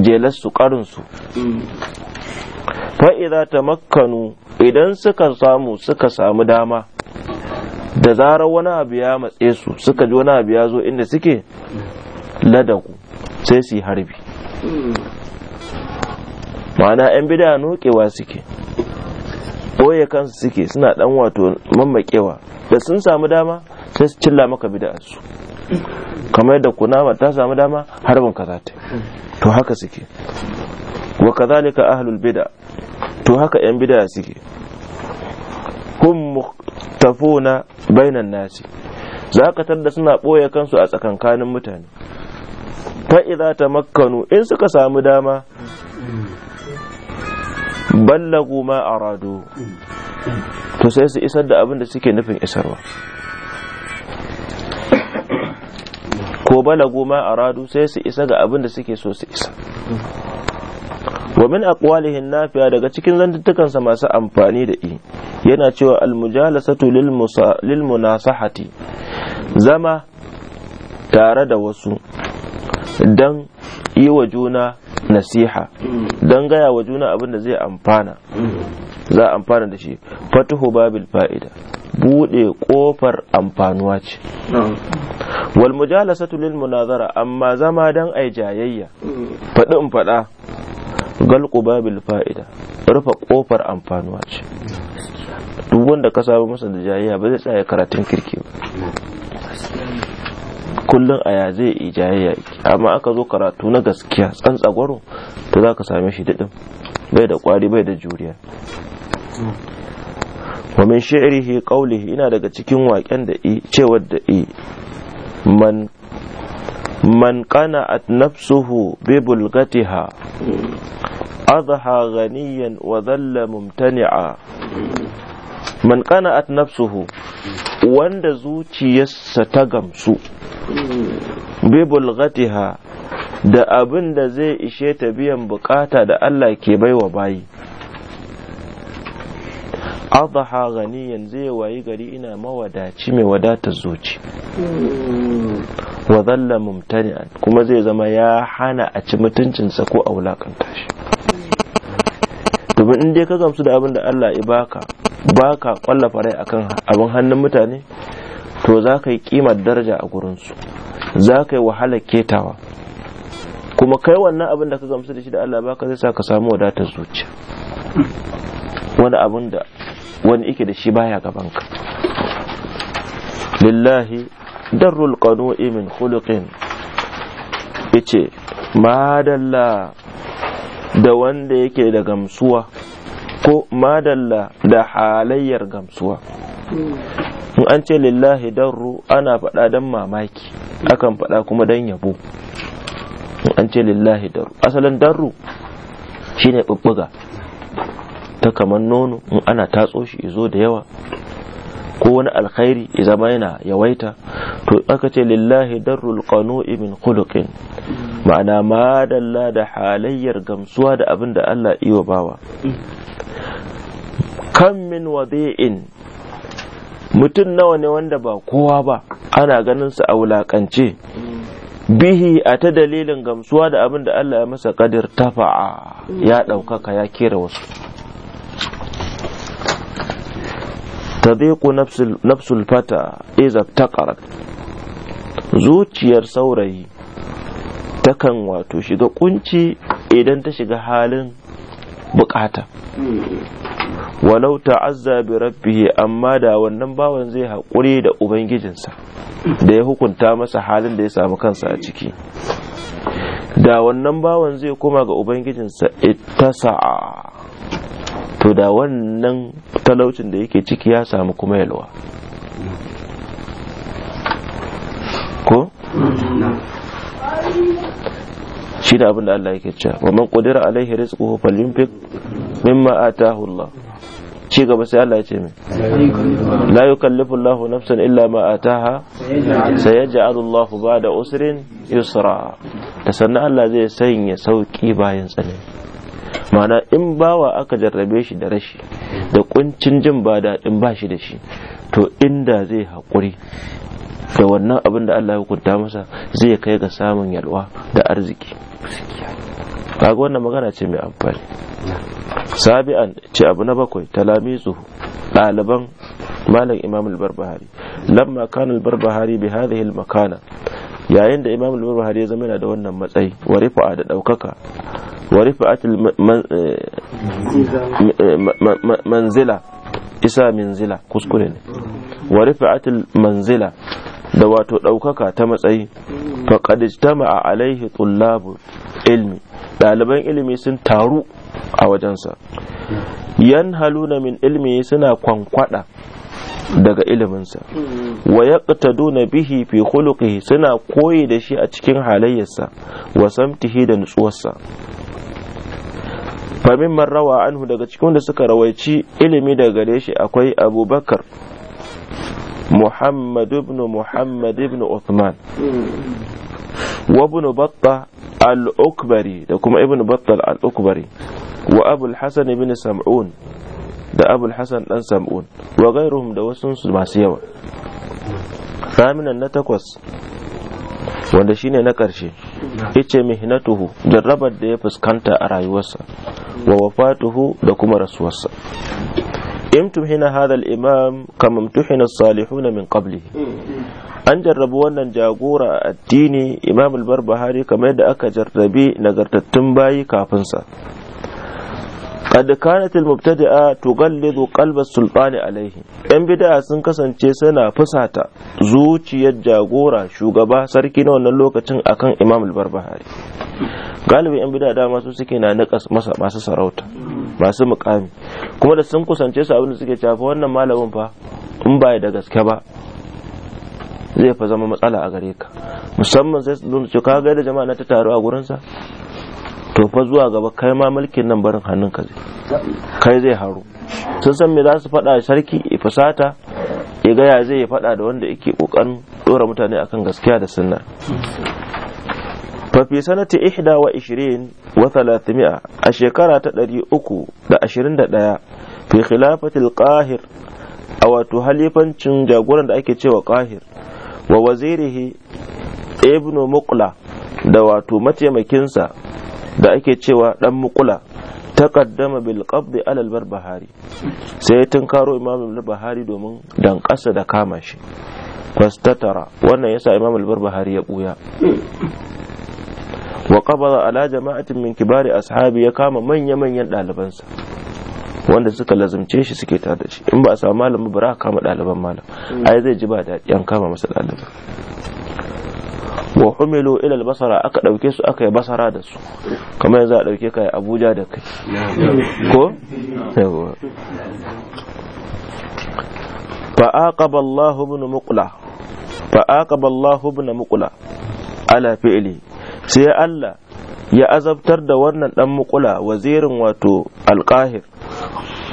jelarsu karinsu fa idza tamakkanu idan suka samu suka samu dama da zarar wani abu ya matse su suka ji wani abu ya zo inda suke ladaku sai su yi harbi ma'ana yan bida nokewa suke ɓoye kansu suke suna ɗan wato mammakewa da sun samu dama sai su cilla maka bida'arsu kamar da kunama ta samu dama harbin kaza ta to haka suke wa kazalika ahlul bida to haka yan bida suke hum muhtafuna bainan nasi za ka tarda suna ɓoye kansu a tsakankanin mutane fa ta makkanu in suka samu dama ballagu ma aradu to sai su isar da abin da suke nufin isarwa ko balagu ma aradu sai su isa ga abin da suke so su isa wa min aqwalihin nafiya daga cikin zantuttukansa masu amfani da i yana cewa almujalasatu lil munasahati zama tare da wasu dan yi wa juna nasiha don gaya wa juna abin da zai amfana za a amfana da shi fatuhu babil fa'ida buɗe ƙofar amfanuwa ce wal mujalasatu lil munazara amma zama dan ai jayayya fadi in faɗa galku babil fa'ida rufe ƙofar amfanuwa ce duk wanda ka saba masa da jayayya ba zai tsaya karatun kirki ba kullum a ya zai yi amma aka zo karatu na gaskiya tsantsagwaro to za ka same shi daɗin bai da ƙwari bai da juriya wa min shi'rihi qawlihi ina daga cikin waƙen da i cewar da i man man a nafsuhu bi bulgatiha adha ghaniyan wa dhalla mumtani'a man qana'at nafsuhu wanda zuciyarsa ta gamsu bi bulghatiha da abin da zai ishe ta biyan bukata da Allah ke baiwa bayi adha ganiyan zai wayi gari ina mawadaci mai wadatar zuci wa dhalla mumtani'an kuma zai zama ya hana a ci mutuncinsa ko a wulakanta shi domin in dai ka gamsu da abin da Allah ya baka ba ka kwalla farai akan abin hannun mutane to za ka yi kimar daraja a gurinsu za ka yi wahalar ketawa kuma kai wannan abin da ka gamsu da shi da Allah baka zai sa ka samu wadatar zuciya wani abin da wani ike da shi baya gaban ka lillahi darrul qanu'i min khuluqin yace madalla da wanda yake da gamsuwa ko madalla da halayyar gamsuwa in an ce lillahi darru ana faɗa dan mamaki akan faɗa kuma don yabo in an ce lillahi darru asalin darru shine bubbuga ta kamar nono in ana tatso shi izo da yawa ko wani alkhairi ya zama yana yawaita to aka ce lillahi darrul qanu'i min khuluqin ma'ana madalla da halayyar gamsuwa da abin da Allah iya bawa kan min wadi'in mutum nawa ne wanda ba kowa ba ana ganin su a wulakance bihi a ta dalilin gamsuwa da abin da Allah ya masa kadir tafa'a ya ɗaukaka ya kera wasu tadiqu nafsul fata iza taqarat zuciyar saurayi takan wato shiga kunci idan ta shiga halin bukata walau ta'azza bi rabbihi amma da wannan bawan zai haƙuri da ubangijinsa da ya hukunta masa halin da ya samu kansa a ciki da wannan bawan zai koma ga ubangijinsa ittasa'a to da wannan talaucin da yake ciki ya samu kuma yalwa shi da abin da Allah yake cewa wa man qadira alaihi rizquhu falyunfiq mimma atahu Allah ci gaba sai Allah ya ce mai la yukallifu Allah nafsan illa ma ataha sayaj'alu Allah ba'da usrin yusra da sannan Allah zai sanya sauki bayan tsanani ma'ana in bawa aka jarrabe shi da rashi da kuncin jin ba daɗin ba shi da shi to inda zai haƙuri da wannan abin da Allah ya hukunta masa zai kai ga samun yalwa da arziki kaga wannan magana ce mai amfani sabi'an ce abu na bakwai talamizu ɗaliban malam imam al-barbahari lamma kana al-barbahari bi hadhihi al-makana yayin da imam al-barbahari ya zama yana da wannan matsayi wa rifa'a da daukaka wa rifa'atul manzila isa minzila kuskure ne wa rifa'atul manzila da wato ɗaukaka ta matsayi faƙad a alaihi tullabu ilmi ɗaliban ilimi sun taru a wajensa yan haluna min ilmi suna kwankwada daga iliminsa wa yaqtaduna bihi fi khuluqihi suna koyi da shi a cikin halayyarsa wa samtihi da nutsuwarsa famin rawa anhu daga cikin da suka rawaici ilimi daga gare shi akwai abubakar محمد بن محمد بن عثمان وابن بطة الأكبري لكم ابن بطة الأكبري وأبو الحسن بن سمعون ده أبو الحسن بن سمعون وغيرهم ده وسنس ماسيوا ثامنا نتكوس wanda shine na ƙarshe yace mihnatuhu jarrabar da ya fuskanta a rayuwarsa wa wafatuhu da kuma rasuwarsa imtuhina hadha al-imam kama imtuhina as-salihuna min qablihi an jarrabu wannan jagora a addini imam al-barbahari kamar yadda aka jarrabi nagartattun bayi kafin sa قد كانت المبتدئة تغلظ قلب السلطان عليه yan bid'a sun kasance suna fusata zuciyar jagora shugaba sarki na wannan lokacin akan imam al-barbahari galibin yan bid'a dama su suke na nika masa masu sarauta masu mukami kuma da sun kusance su abin da suke cewa wannan malamin fa in ba da gaske ba zai fa zama matsala a gare ka musamman sai su su ka ga da jama'a na ta taru a sa tofa zuwa gaba kai ma mulkin nan barin hannun ka zai kai zai haru sun san me za su faɗa sarki ya fasata ya gaya zai yi faɗa da wanda yake ƙoƙarin ɗora mutane akan gaskiya da sunna fafi sanata ihda wa ishirin wa talatimi'a a shekara ta ɗari uku da ashirin da ɗaya fi khilafatil ƙahir a wato halifancin jagoran da ake cewa kahir wa wazirihi ibnu muqla da wato mataimakinsa da ake cewa dan mukula ta bil qabdi ala al barbahari sai ya tunkaro imam al barbahari domin dan kasa da kama shi fastatara wannan yasa imam al barbahari ya buya wa qabada ala jama'atin min kibari ashabi ya kama manya manyan ɗalibansa wanda suka lazumce shi suke tare da shi in ba a samu malamin ba kama ɗaliban malam ai zai ji ba daɗi an kama masa daliban. wa humilu ila basara aka dauke su aka yi basara da su kamar yanzu a dauke ka abuja da kai ko فعاقب الله بن مقلة فعاقب sai Allah ya azabtar da wannan dan mukula wazirin wato alqahir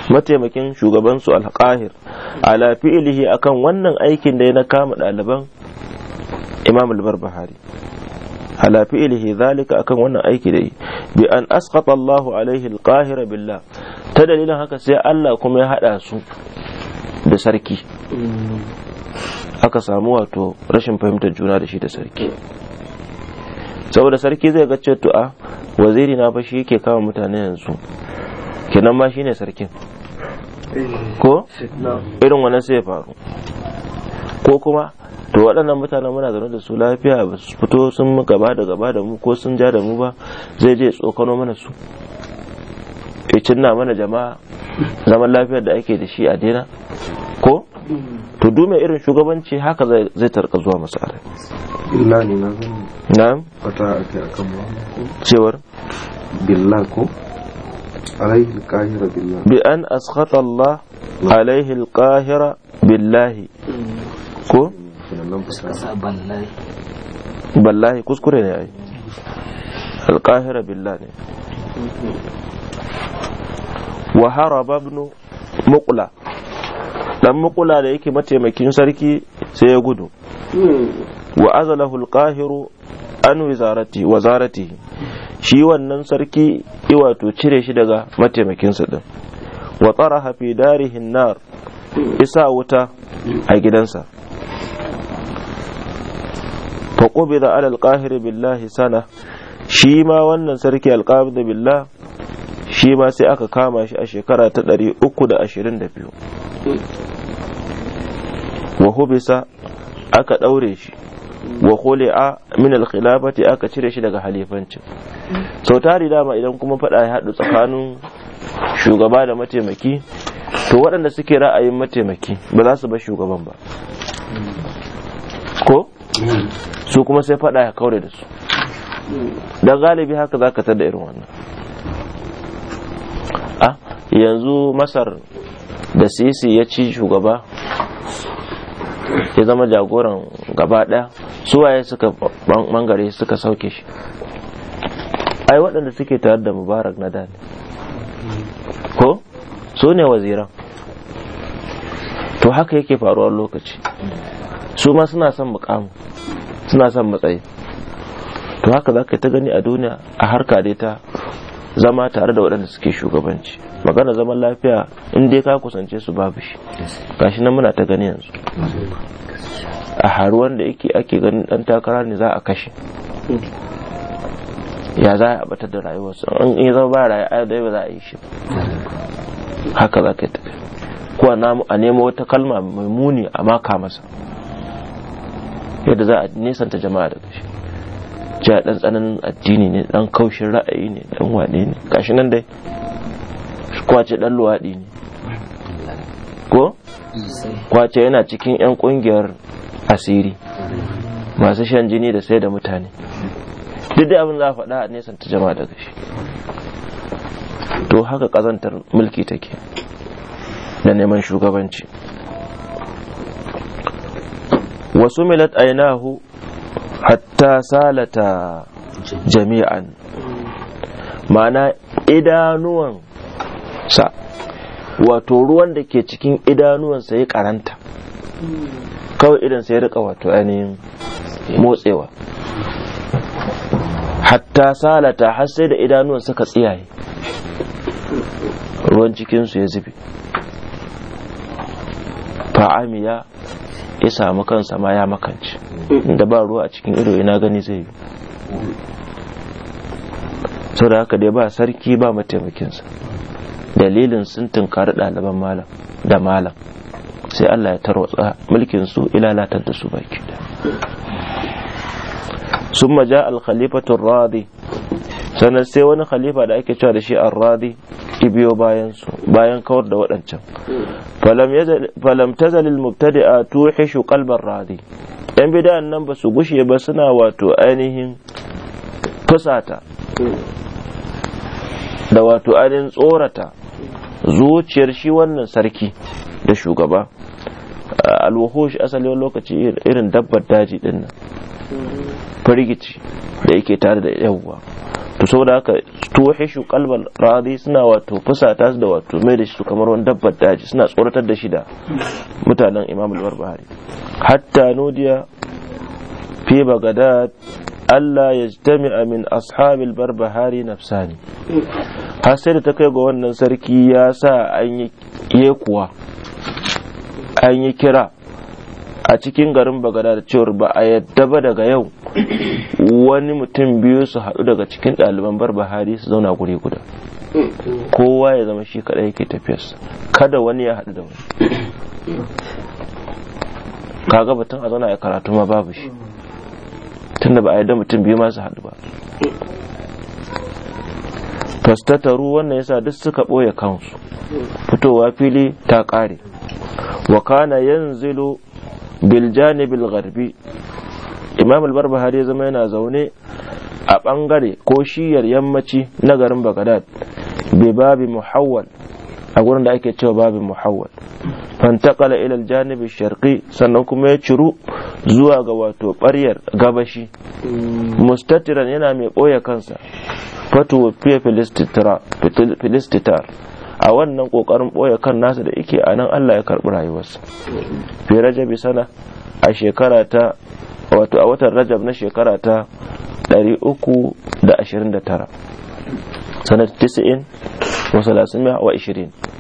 mataimakin su alqahir ala fi'lihi akan wannan aikin da ya na kama ɗaliban imam al-barbahari ala fi'lihi zalika akan wannan aiki da yi bi an asqata Allahu alaihi al-qahira billah ta dalilin haka sai Allah kuma ya hada su da sarki aka samu wato rashin fahimtar juna da shi da sarki saboda sarki zai ga to a ah, waziri na fa shi yake kama mutane yanzu kenan ma shine sarkin eh, ko irin wannan sai ya faru ko kuma to waɗannan mutanen muna zaune da su lafiya ba su fito sun gaba da gaba da mu ko sun ja da mu ba zai je tsokano mana su icin na mana jama'a zaman lafiyar da ake da shi a dina ko to dume irin shugabanci haka zai tarka zuwa masu are na'am fata ake akan cewar billah ko alaihi alqahira billah bi an askhata Allah alaihi alqahira billahi mm. ko ballahi kuskure ne ai alqahira billah ne wa haraba ibn muqla dan muqla da yake mataimakin sarki sai ya gudu wa azalahu alqahiru an wizarati wazarati shi wannan sarki iwato cire shi daga mataimakinsa din wa tsara hafi darihin nar isa wuta a gidansa fa qubida ala alqahir billahi sana shi ma wannan sarki alqabid billah shi ma sai aka kama shi a shekara ta 322 wa hubisa aka daure shi wa khuli'a min alkhilafati aka cire shi daga halifanci sau tari dama idan kuma fada ya tsakanin shugaba da mataimaki to waɗanda suke ra'ayin mataimaki ba za su ba shugaban ba ko su kuma sai faɗa ya kaure da su da galibi haka za ka tada irin wannan a yanzu masar da sisi ya ci shugaba ya zama jagoran gaba daya suwaye suka bangare suka sauke shi ai waɗanda suke tare da mubarak na dani ko su ne waziran to haka yake faruwar lokaci su ma suna son mukamu suna son matsayi to haka za ka ta gani a duniya a harka dai ta zama tare da waɗanda suke shugabanci magana zaman lafiya in dai ka kusance su babu shi gashi nan muna ta gani yanzu a haruwan da yake ake ganin ɗan takara ne za a kashe ya za a batar da rayuwarsu in ya zama ba da ba za a yi shi haka za ka yi ko a nemo wata kalma mai muni a maka masa yadda za a nesanta jama'a daga shi ja dan tsananin addini ne dan kaushin ra'ayi ne dan wane ne Kashi nan dai kwace dan luwaɗi ne ko kwace yana cikin yan kungiyar asiri masu shan jini da sai da mutane duk da abin za a faɗa a nesanta jama'a daga shi to haka ƙazantar mulki take da neman shugabanci wasu milat ainahu hatta salata jami'an ma'ana idanuwansa wato ruwan da ke cikin idanuwansa ya karanta kawai idan sai rika wato ainihin motsewa hatta salata har sai da idanuwan suka tsiyaye ruwan cikinsu ya zube fa'amiya ya samu kansa ma ya makance inda mm-hmm. ba ruwa a cikin ido ina gani zai yi sau da haka dai ba sarki ba mataimakinsa dalilin sun tunkari ɗaliban malam da malam sai Allah ya tarwatsa mulkin su ilalatar da su baki da sun maja al-khalifatun radi sannan sai wani khalifa da ake cewa da shi ar-radi biyo bayansu bayan kawar da waɗancan falam tazalil mubtadi'a tuhishu qalban radi yan bid'an nan ba su gushe ba suna wato ainihin fusata da wato ainihin tsorata zuciyar shi wannan sarki da shugaba asali asalin lokaci irin dabbar daji din nan firgici da yake tare da yawwa to saboda haka tuhishu kalbal radi suna wato fusata su da wato mai da shi kamar wani dabbar daji suna tsoratar da shi da mutanen Imam al bahari. hatta nudiya fi bagadat Allah ya min ashabil bahari nafsani har sai da ta kai ga wannan sarki ya sa an yi kuwa an yi kira a cikin garin bagada da cewar ba a yadda ba daga yau wani mutum biyu su haɗu daga cikin ɗaliban barbahari su zauna guri guda kowa ya zama shi kaɗai yake tafiyarsa kada wani ya haɗu da wani kaga batun a zauna ya karatu ma babu shi tunda ba a yadda mutum biyu masu haɗu ba fastataru wannan yasa duk suka ɓoye kansu fitowa fili ta ƙare wa kana yanzilu biljanibil garbi imam al-barbahari ya zama yana zaune a bangare ko shiyar yammaci na garin bagdad bi babi muhawwal a gurin da ake cewa babi muhawwal fantakala ila aljanibi sharqi sannan kuma ya ciru zuwa ga wato ɓaryar gabashi mustatiran yana mai ɓoye kansa fatuwa fiye filistitar a wannan kokarin boye kan nasa da yake a nan Allah ya karbi rayuwarsa fi rajabi sana a shekara ta wato a watan rajab na shekara ta 329 sanar 90 wa 320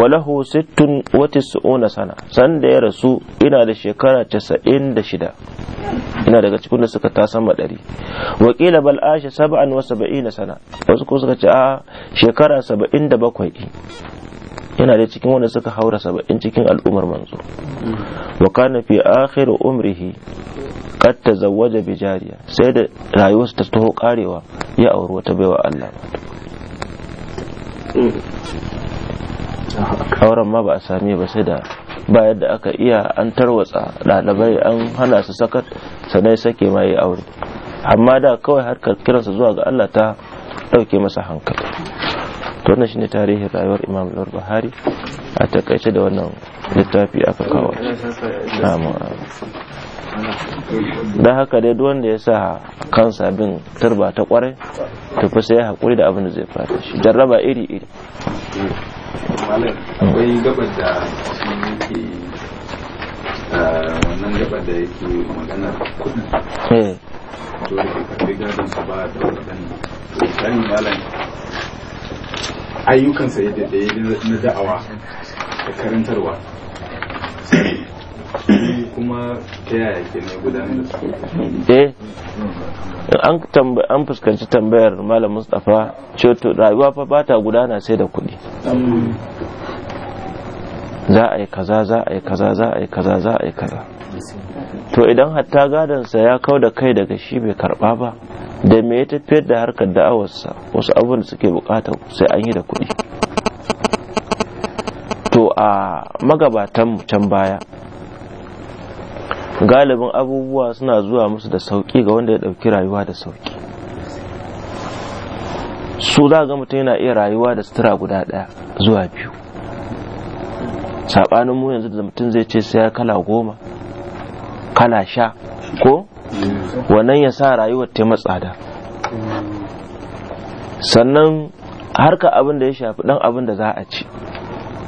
walahu sittun wa tis'una sana san رسو ya rasu ina da shekara casa'in da shida ina daga cikin da suka بل sama ɗari wakila bal asha saba'an wa sana wasu ko suka shekara saba'in da bakwai yana da cikin wanda suka haura saba'in cikin al'ummar manzo wa kana fi akhir umrihi kad tazawwaja bi jariya sai da rayuwarsa ta taho karewa ya auri wata baiwa Allah auren ma ba a same ba sai da ba yadda aka iya an tarwatsa ɗalibai an hana su sakat sanai sake ma yi aure amma da kawai harkar kiransa zuwa ga Allah ta ɗauke masa hankali to wannan shine tarihin rayuwar Imam Al-Bukhari a takaice da wannan littafi aka kawo da haka dai duk wanda ya sa kansa bin turba ta kwarai tafi sai ya haƙuri da abin da zai fara shi jarraba iri iri akwai gabar da yake wannan gabar da yake magana kudin eh. to da karbi gadon su ba da waɗannan to sani malam ayyukansa da ya na da'awa da karantarwa Eh, an fuskanci tambayar malam Mustapha ce rayuwa fa ba ta gudana sai da kuɗi za a yi kaza za a yi kaza za a yi kaza za a yi kaza to idan hatta gadansa ya kau da kai daga shi bai karba ba da me ya tafiyar da harkar da'awarsa wasu abin da suke bukata sai an yi da kuɗi to a magabatan can baya galibin abubuwa suna zuwa musu da sauki ga wanda ya ɗauki rayuwa da sauki su za ga mutum yana iya rayuwa da sutura guda ɗaya zuwa biyu saɓanin mu yanzu da mutum zai ce sai ya kala goma kala sha ko wannan ya sa rayuwar ta matsada sannan harka abin da ya shafi ɗan abin da za a ci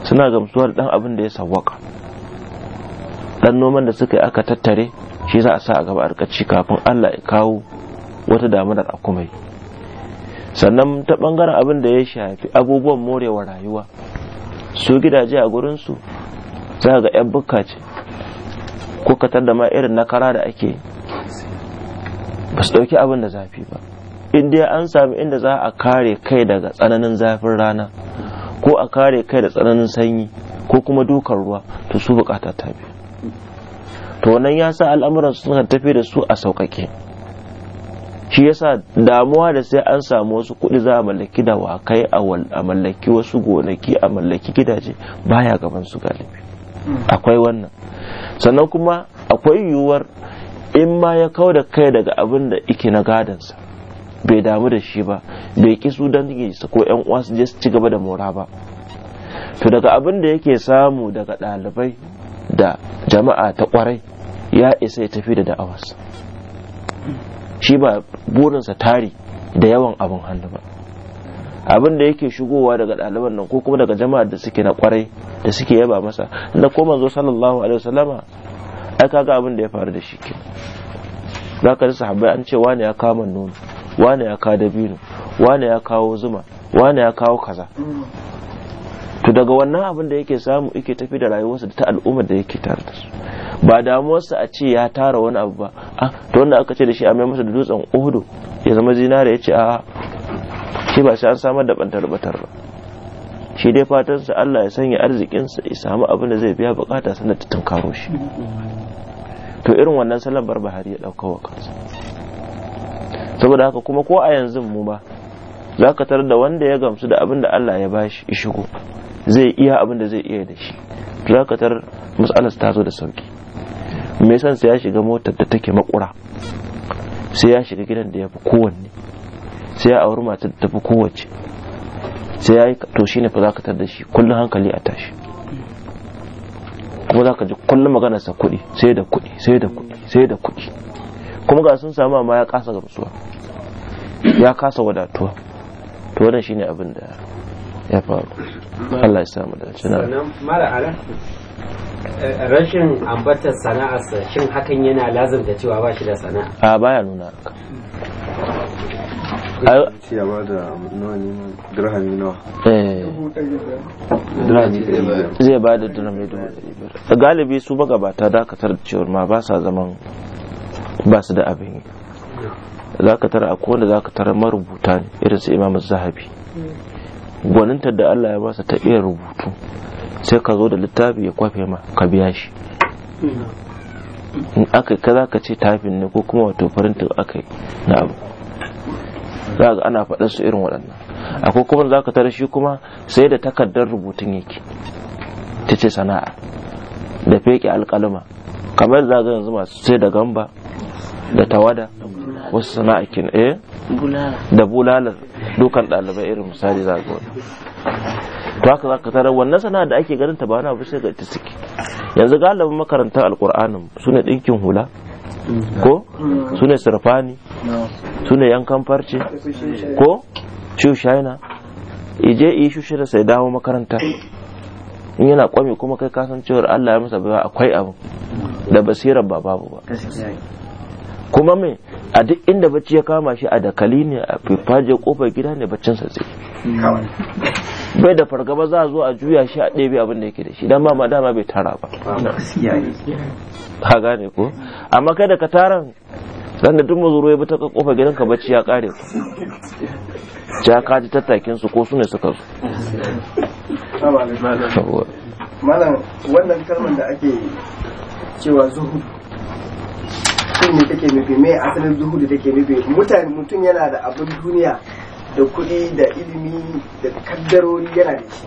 suna gamsuwa da ɗan abin da ya sawwaka dan noman da suka yi aka tattare shi za a sa a gaba a kafin Allah ya kawo wata damarar a kuma yi sannan ta bangaren abin da ya shafi abubuwan morewa rayuwa su gidaje a gurinsu za ga yan bukka ce ko katar da ma irin na kara da ake ba su ɗauki abin da zafi ba in dai an sami inda za a kare kai daga tsananin zafin rana ko a kare kai da tsananin sanyi ko kuma dukan ruwa to su bukata ta biyu to wannan ya sa al'amuran sun tafi da su a sauƙaƙe shi ya sa damuwa da sai an samu wasu kuɗi za a mallaki da wa kai a mallaki wasu gonaki a mallaki gidaje baya gaban su galibi akwai wannan sannan kuma akwai yiwuwar in ma ya kau da kai daga abin da ike na gadansa bai damu da shi ba bai ki su su ko yan uwa su su ci gaba da mora ba to daga abin da yake samu daga ɗalibai da jama'a ta kwarai ya isa ya tafi da da'awarsa shi ba burinsa tari da yawan abin hannu ba abin da yake shigowa daga ɗaliban nan ko kuma daga jama'ar da suke na kwarai da suke yaba masa na ko manzo sallallahu alaihi wasallama ai kaga abin da ya faru da shi ke za ka sahabbai an ce wani ya kama nono wani ya kawo dabino wani ya kawo zuma wani ya kawo kaza to daga wannan abin da yake samu yake tafi da rayuwarsa da ta al'ummar da yake tare da su ba damuwarsa a ce ya tara wani abu ba ah to wanda aka ce da shi a mai masa da dutsen uhudu ya zama zinare ya ce a shi ba sai an samar da bantar batar ba shi dai fatan fatansa Allah ya sanya arzikinsa ya samu abin da zai biya bukata sannan ta tunkaro shi to irin wannan salon barbahari ya dauka wa kansa saboda haka kuma ko a yanzu mu ba za ka tarar da wanda ya gamsu da abin da Allah ya bashi shi shigo zai iya abin da zai iya da shi dakatar matsalar ta zo da sauki me san sai ya shiga motar da take makura sai ya shiga gidan da ya fi kowanne sai ya auri matar da fi kowace sai ya yi to shi ne zaka da shi kullum hankali a tashi kuma zaka ji kullum magana sa kuɗi sai da kuɗi sai da kuɗi sai da kuɗi kuma ga sun samu amma ya kasa gamsuwa ya kasa wadatuwa to wannan shine abin da ya faru Allah ya samu da cina mara ala eh, rashin ambatar sana'arsa shin hakan yana lazim da cewa ba shi da sana'a a baya nuna Ciya ba da nawa ne dirhami nawa eh. zai ba da dirhami dubu ɗari biyar galibi su magabata dakatar da cewar ma ba sa zaman ba su da abin yi za ka tara a wanda za ka tara marubuta ne irin su imam zahabi hmm. gwaninta da Allah ya basa ta iya rubutu sai ka zo da littafi ya kwafe ma ka biya shi in aka ka za ka ce tafin ne ko kuma wato farin ta aka yi na abu za ga ana faɗa su irin waɗannan akwai kuma za ka tara shi kuma sai da takardar rubutun yake ta ce sana'a da feke alƙalama kamar za ga yanzu masu sai da gamba da tawada wasu sana'a kin eh da bulalar dukan ɗalibai irin misali za ga wani to haka za ka tarar wannan sana da ake ganin ta ba na bisa ga suke yanzu galibin makarantar alkur'anin su ne ɗinkin hula ko su ne surfani su ne yankan farce ko ciwo shaina ije yi shushe da sai dawo makaranta in yana kwame kuma kai kasancewar allah ya masa baiwa akwai abu da basirar ba babu ba kuma me a duk inda bacci ya kama shi a dakali ne a fifaje kofar gida ne baccinsa zai bai da fargaba za a zo a juya shi a ɗebe abin da yake da shi dan ma dama bai tara ba ka gane ko amma kada ka taran dan da duk mazuru ya bi ta kofar ka bacci ya kare ku ja ka ji tattakin su ko su ne suka zo malam wannan kalmar da ake cewa zuhu. shin ne take nufi me asalin zuhudu take nufi mutane mutum yana da abin duniya da kuɗi da ilimi da kaddarori yana da shi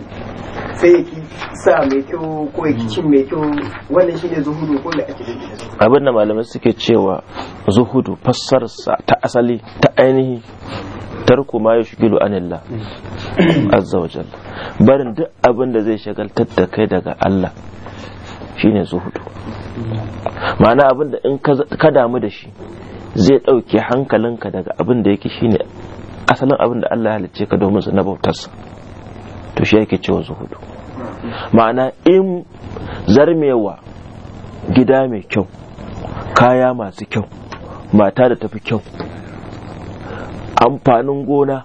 sai ya sa mai kyau ko ya cin mai kyau wannan shine zuhudu ko da ake abin da malamai suke cewa zuhudu fassararsa ta asali ta ainihi tarku ma ya shigilu anilla azza wa jalla barin duk abin da zai shagaltar da kai daga Allah shine zuhudu ma'ana abinda in ka damu da shi zai ɗauke hankalinka daga abin da yake shine asalin abin da Allah ya halicce ka domin su na bautarsa to shi yake cewa zuhudu ma'ana in zarmewa gida mai kyau kaya masu kyau mata da tafi kyau amfanin gona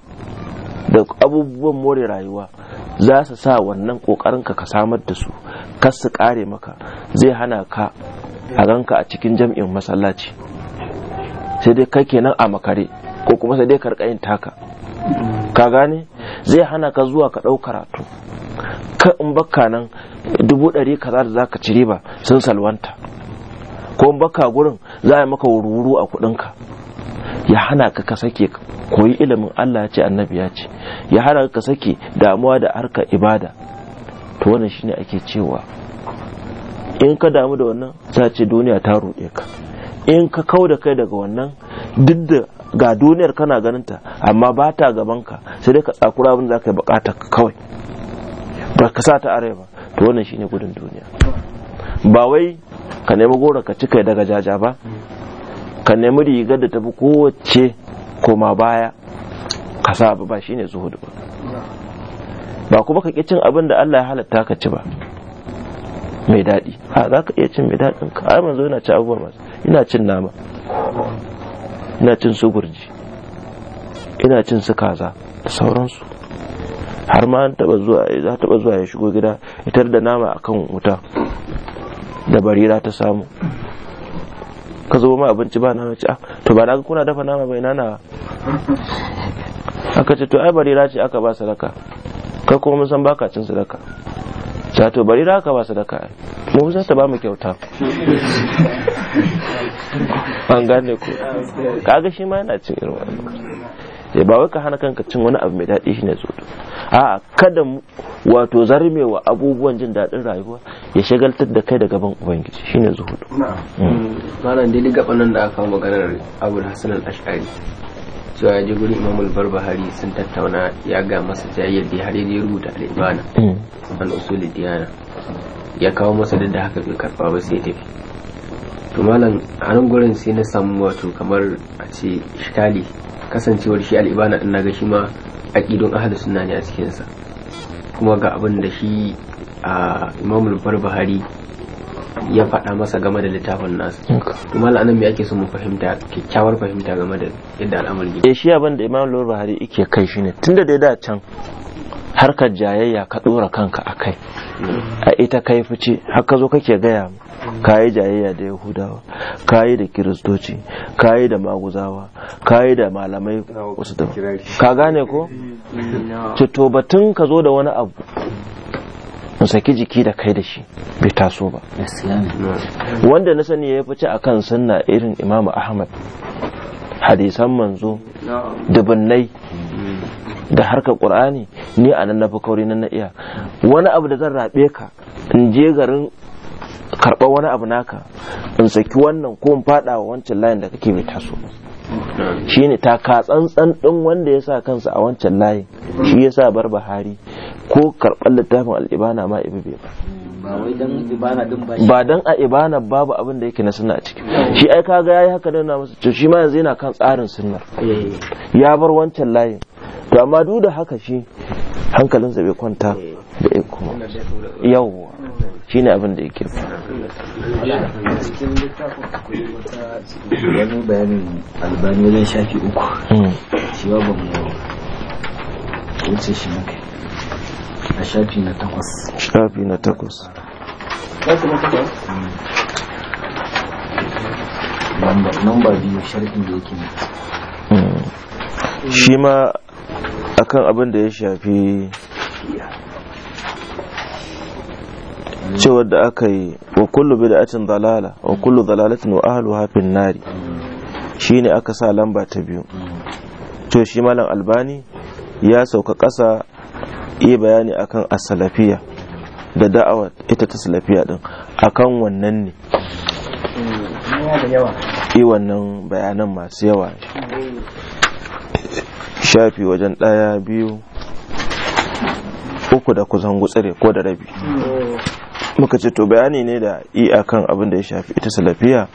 da abubuwan more rayuwa za su sa wannan ƙoƙarinka ka samar da su kar su ƙare maka zai hana ka a ranka a cikin jam'in masallaci sai dai kai kenan a makare ko kuma sai dai karka yin taka ka gane zai hana ka zuwa ka ɗau karatu ka in bakka nan dubu ɗari kaza da zaka ci riba sun salwanta ko in bakka gurin za a yi maka wurwuru a kuɗinka ya hana ka sake koyi ilimin Allah ya ce annabi ya ce ya hana ka sake damuwa da harka ibada to wannan shine ake cewa in ka damu da wannan za ce duniya ta ruɗe ka in ka kau da kai daga wannan duk da ga duniyar kana ganin ta, amma ba ta gaban ka, sai dai ka tsakura abin za ka bukata kawai ba ka sa ta arewa to wannan shine gudun duniya ba wai ka nemi goro ka cika daga jaja ba ka nemi rigar da tafi kowace koma baya ka sa ba shine da ba ba kuma ka cin abin da Allah ya halatta ka ci ba mai daɗi a za ka iya cin mai daɗin ka har manzo yana ci abubuwa masu ina cin nama ina cin su gurji ina cin su kaza da sauransu har ma za ta za taba zuwa ya shigo gida itar da nama akan wuta da barira ta samu ka zo ma abinci ba nama ce ah, to ba na kuna dafa nama bai nana aka ce to ai barira ce aka ba sadaka ka kuma mun san baka cin sadaka ta to barira aka ba sadaka mu za ta ba mu kyauta an gane ku kaga shi ma yana cin irin sai ba wai ka hana kanka cin wani abu mai daɗi shine tsoto a kada wato zarmewa abubuwan jin daɗin rayuwa ya shagaltar da kai da gaban ubangiji shine zuhudu mm. malam dai gaba nan da aka maganar abu hasan al-ash'ari cewa ya je gurin imam al-barbahari sun tattauna ya ga masa jayyar da har ya rubuta al-ibana mm. an usuli diyana ya kawo masa duk da haka bai karba ba sai tafi to malam a nan gurin sai na samu wato kamar a ce shikali kasancewar shi al'ibana din naga shi ma aqidun ahlus sunna ne a cikin sa kuma ga abin da shi a imamul barbahari ya faɗa masa game da littafin nasu to malam anan me ake so mu fahimta kyakkyawar fahimta game da yadda al'amari yake eh, shi abin da imamul barbahari yake kai shine tunda da da can harkar jayayya ka dora kanka akai hmm. a ita kai fice har ka zo kake gaya mu kayi jayayya da yahudawa kayi da kiristoci kayi da maguzawa kayi da malamai wasu da ka gane ko cito batun ka zo da wani abu mu saki jiki da kai da shi bai taso ba wanda na sani ya fice a kan sunna irin imamu ahmad hadisan manzo dubunnai da harkar Ƙur'ani, ni a nan na fi kauri na naiya. wani abu da zan rabe ka in je garin karɓar wani abu naka in saki wannan ko in faɗa wa wancan layin da kake bai taso Shi ne ta tsantsan ɗin wanda ya sa kansa a wancan layin shi ya sa bar bahari ko karɓar littafin al'ibana ma ibi bai ba ba dan a ibana babu abin da yake na sunna a ciki shi ai kaga ya yi haka da na musu shi ma yanzu yana kan tsarin sunnar eh. ya bar wancan layin to amma duk da haka shi hankalinsa bai kwanta eh. da iko yau shi ne abin da yake wani albani wajen shafi uku hmm. shi ba mu wuce shi na kai a shafi na takwas shafi na takwas namba hmm. shi ma akan abin da ya shafi cewar da aka yi wa kullu acin dalala wa kullu dalalatin wa ahluha hafin nari ne aka sa lamba ta biyu to shi malam albani ya sauka ƙasa yi bayani akan asalafiya da da'awa ita ta salafiya din akan wannan ne yi eh, wannan bayanan masu yawa shafi wajen ɗaya biyu uku da kusan gutsire ko da rabi muka ce to bayani ne da iya kan abin da ya shafi ita salafiya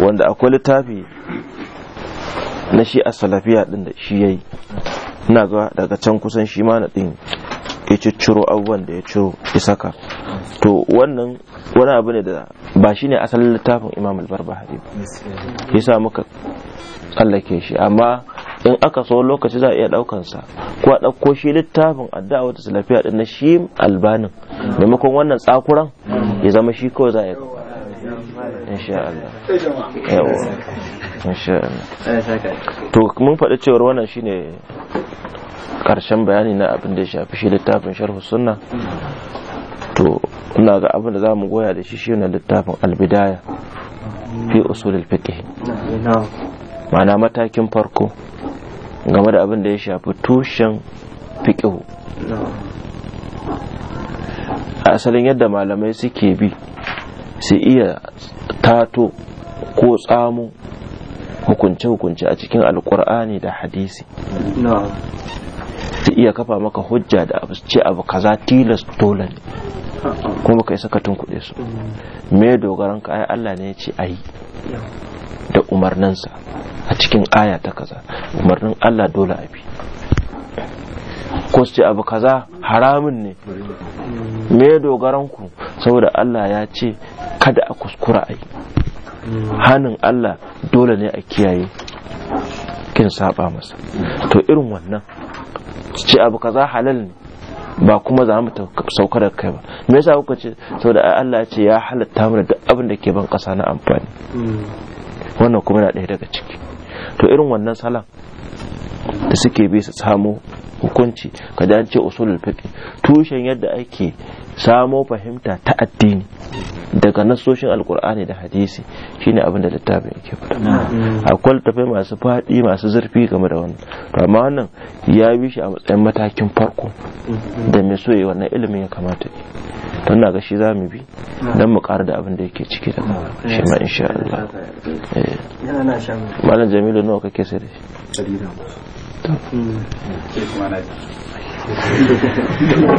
wanda akwai littafi na shi a salafiya din da shi yayi ina ga daga can kusan shi ma na din ya cicciro abubuwan da ya ciro ya saka to wannan wani abu ne da ba shi ne asalin littafin imam ya yasa muka tsallake shi amma in aka so lokaci za a iya daukan sa ko a dauko shi littafin addu'a wata salafiya din na shi albanin maimakon wannan tsakuran ya zama shi kawai za a insha Allah yawa insha Allah to mun faɗi cewar wannan shine karshen bayani na abin da ya shafi shi littafin sharhu sunna to ina ga abin da za mu goya da shi shi ne littafin albidaya fi usulul fiqh ma'ana matakin farko game da abin da ya shafi tushen fiƙihu a asalin yadda malamai suke bi su iya tato ko tsamo hukunce-hukunce a cikin alkur'ani da hadisi su iya kafa maka hujja da abu ce abu kaza tilas dole ne kuma ka isa ka kuɗe su me dogaran ka ai Allah ne ya ce ayi da umarninsa a cikin aya ta kaza umarnin Allah dole a bi ko su ce abu kaza haramun ne me dogaran ku saboda Allah ya ce kada a kuskura a yi hannun Allah dole ne a kiyaye kin saba masa to irin wannan su ce abu kaza halal ne ba kuma za mu sauka da kai ba me yasa kuka ce saboda Allah ya ce ya halatta mu da abin da ke ban kasa na amfani wannan kuma na ɗaya daga ciki to irin wannan salan da suke bi su samu hukunci ka ji an ce usulul fiqh tushen yadda ake samo fahimta ta addini daga nasoshin alkur'ani da hadisi shine abin da littafin yake faɗa akwai littafai masu faɗi masu zurfi game da wannan amma ya bi shi a matsayin matakin farko da mai so wannan ilimin ya kamata yi don na ga shi za mu bi don mu ƙara da abin da yake ciki da shi ma insha Allah eh. malam jamilu nawa kake sai da shi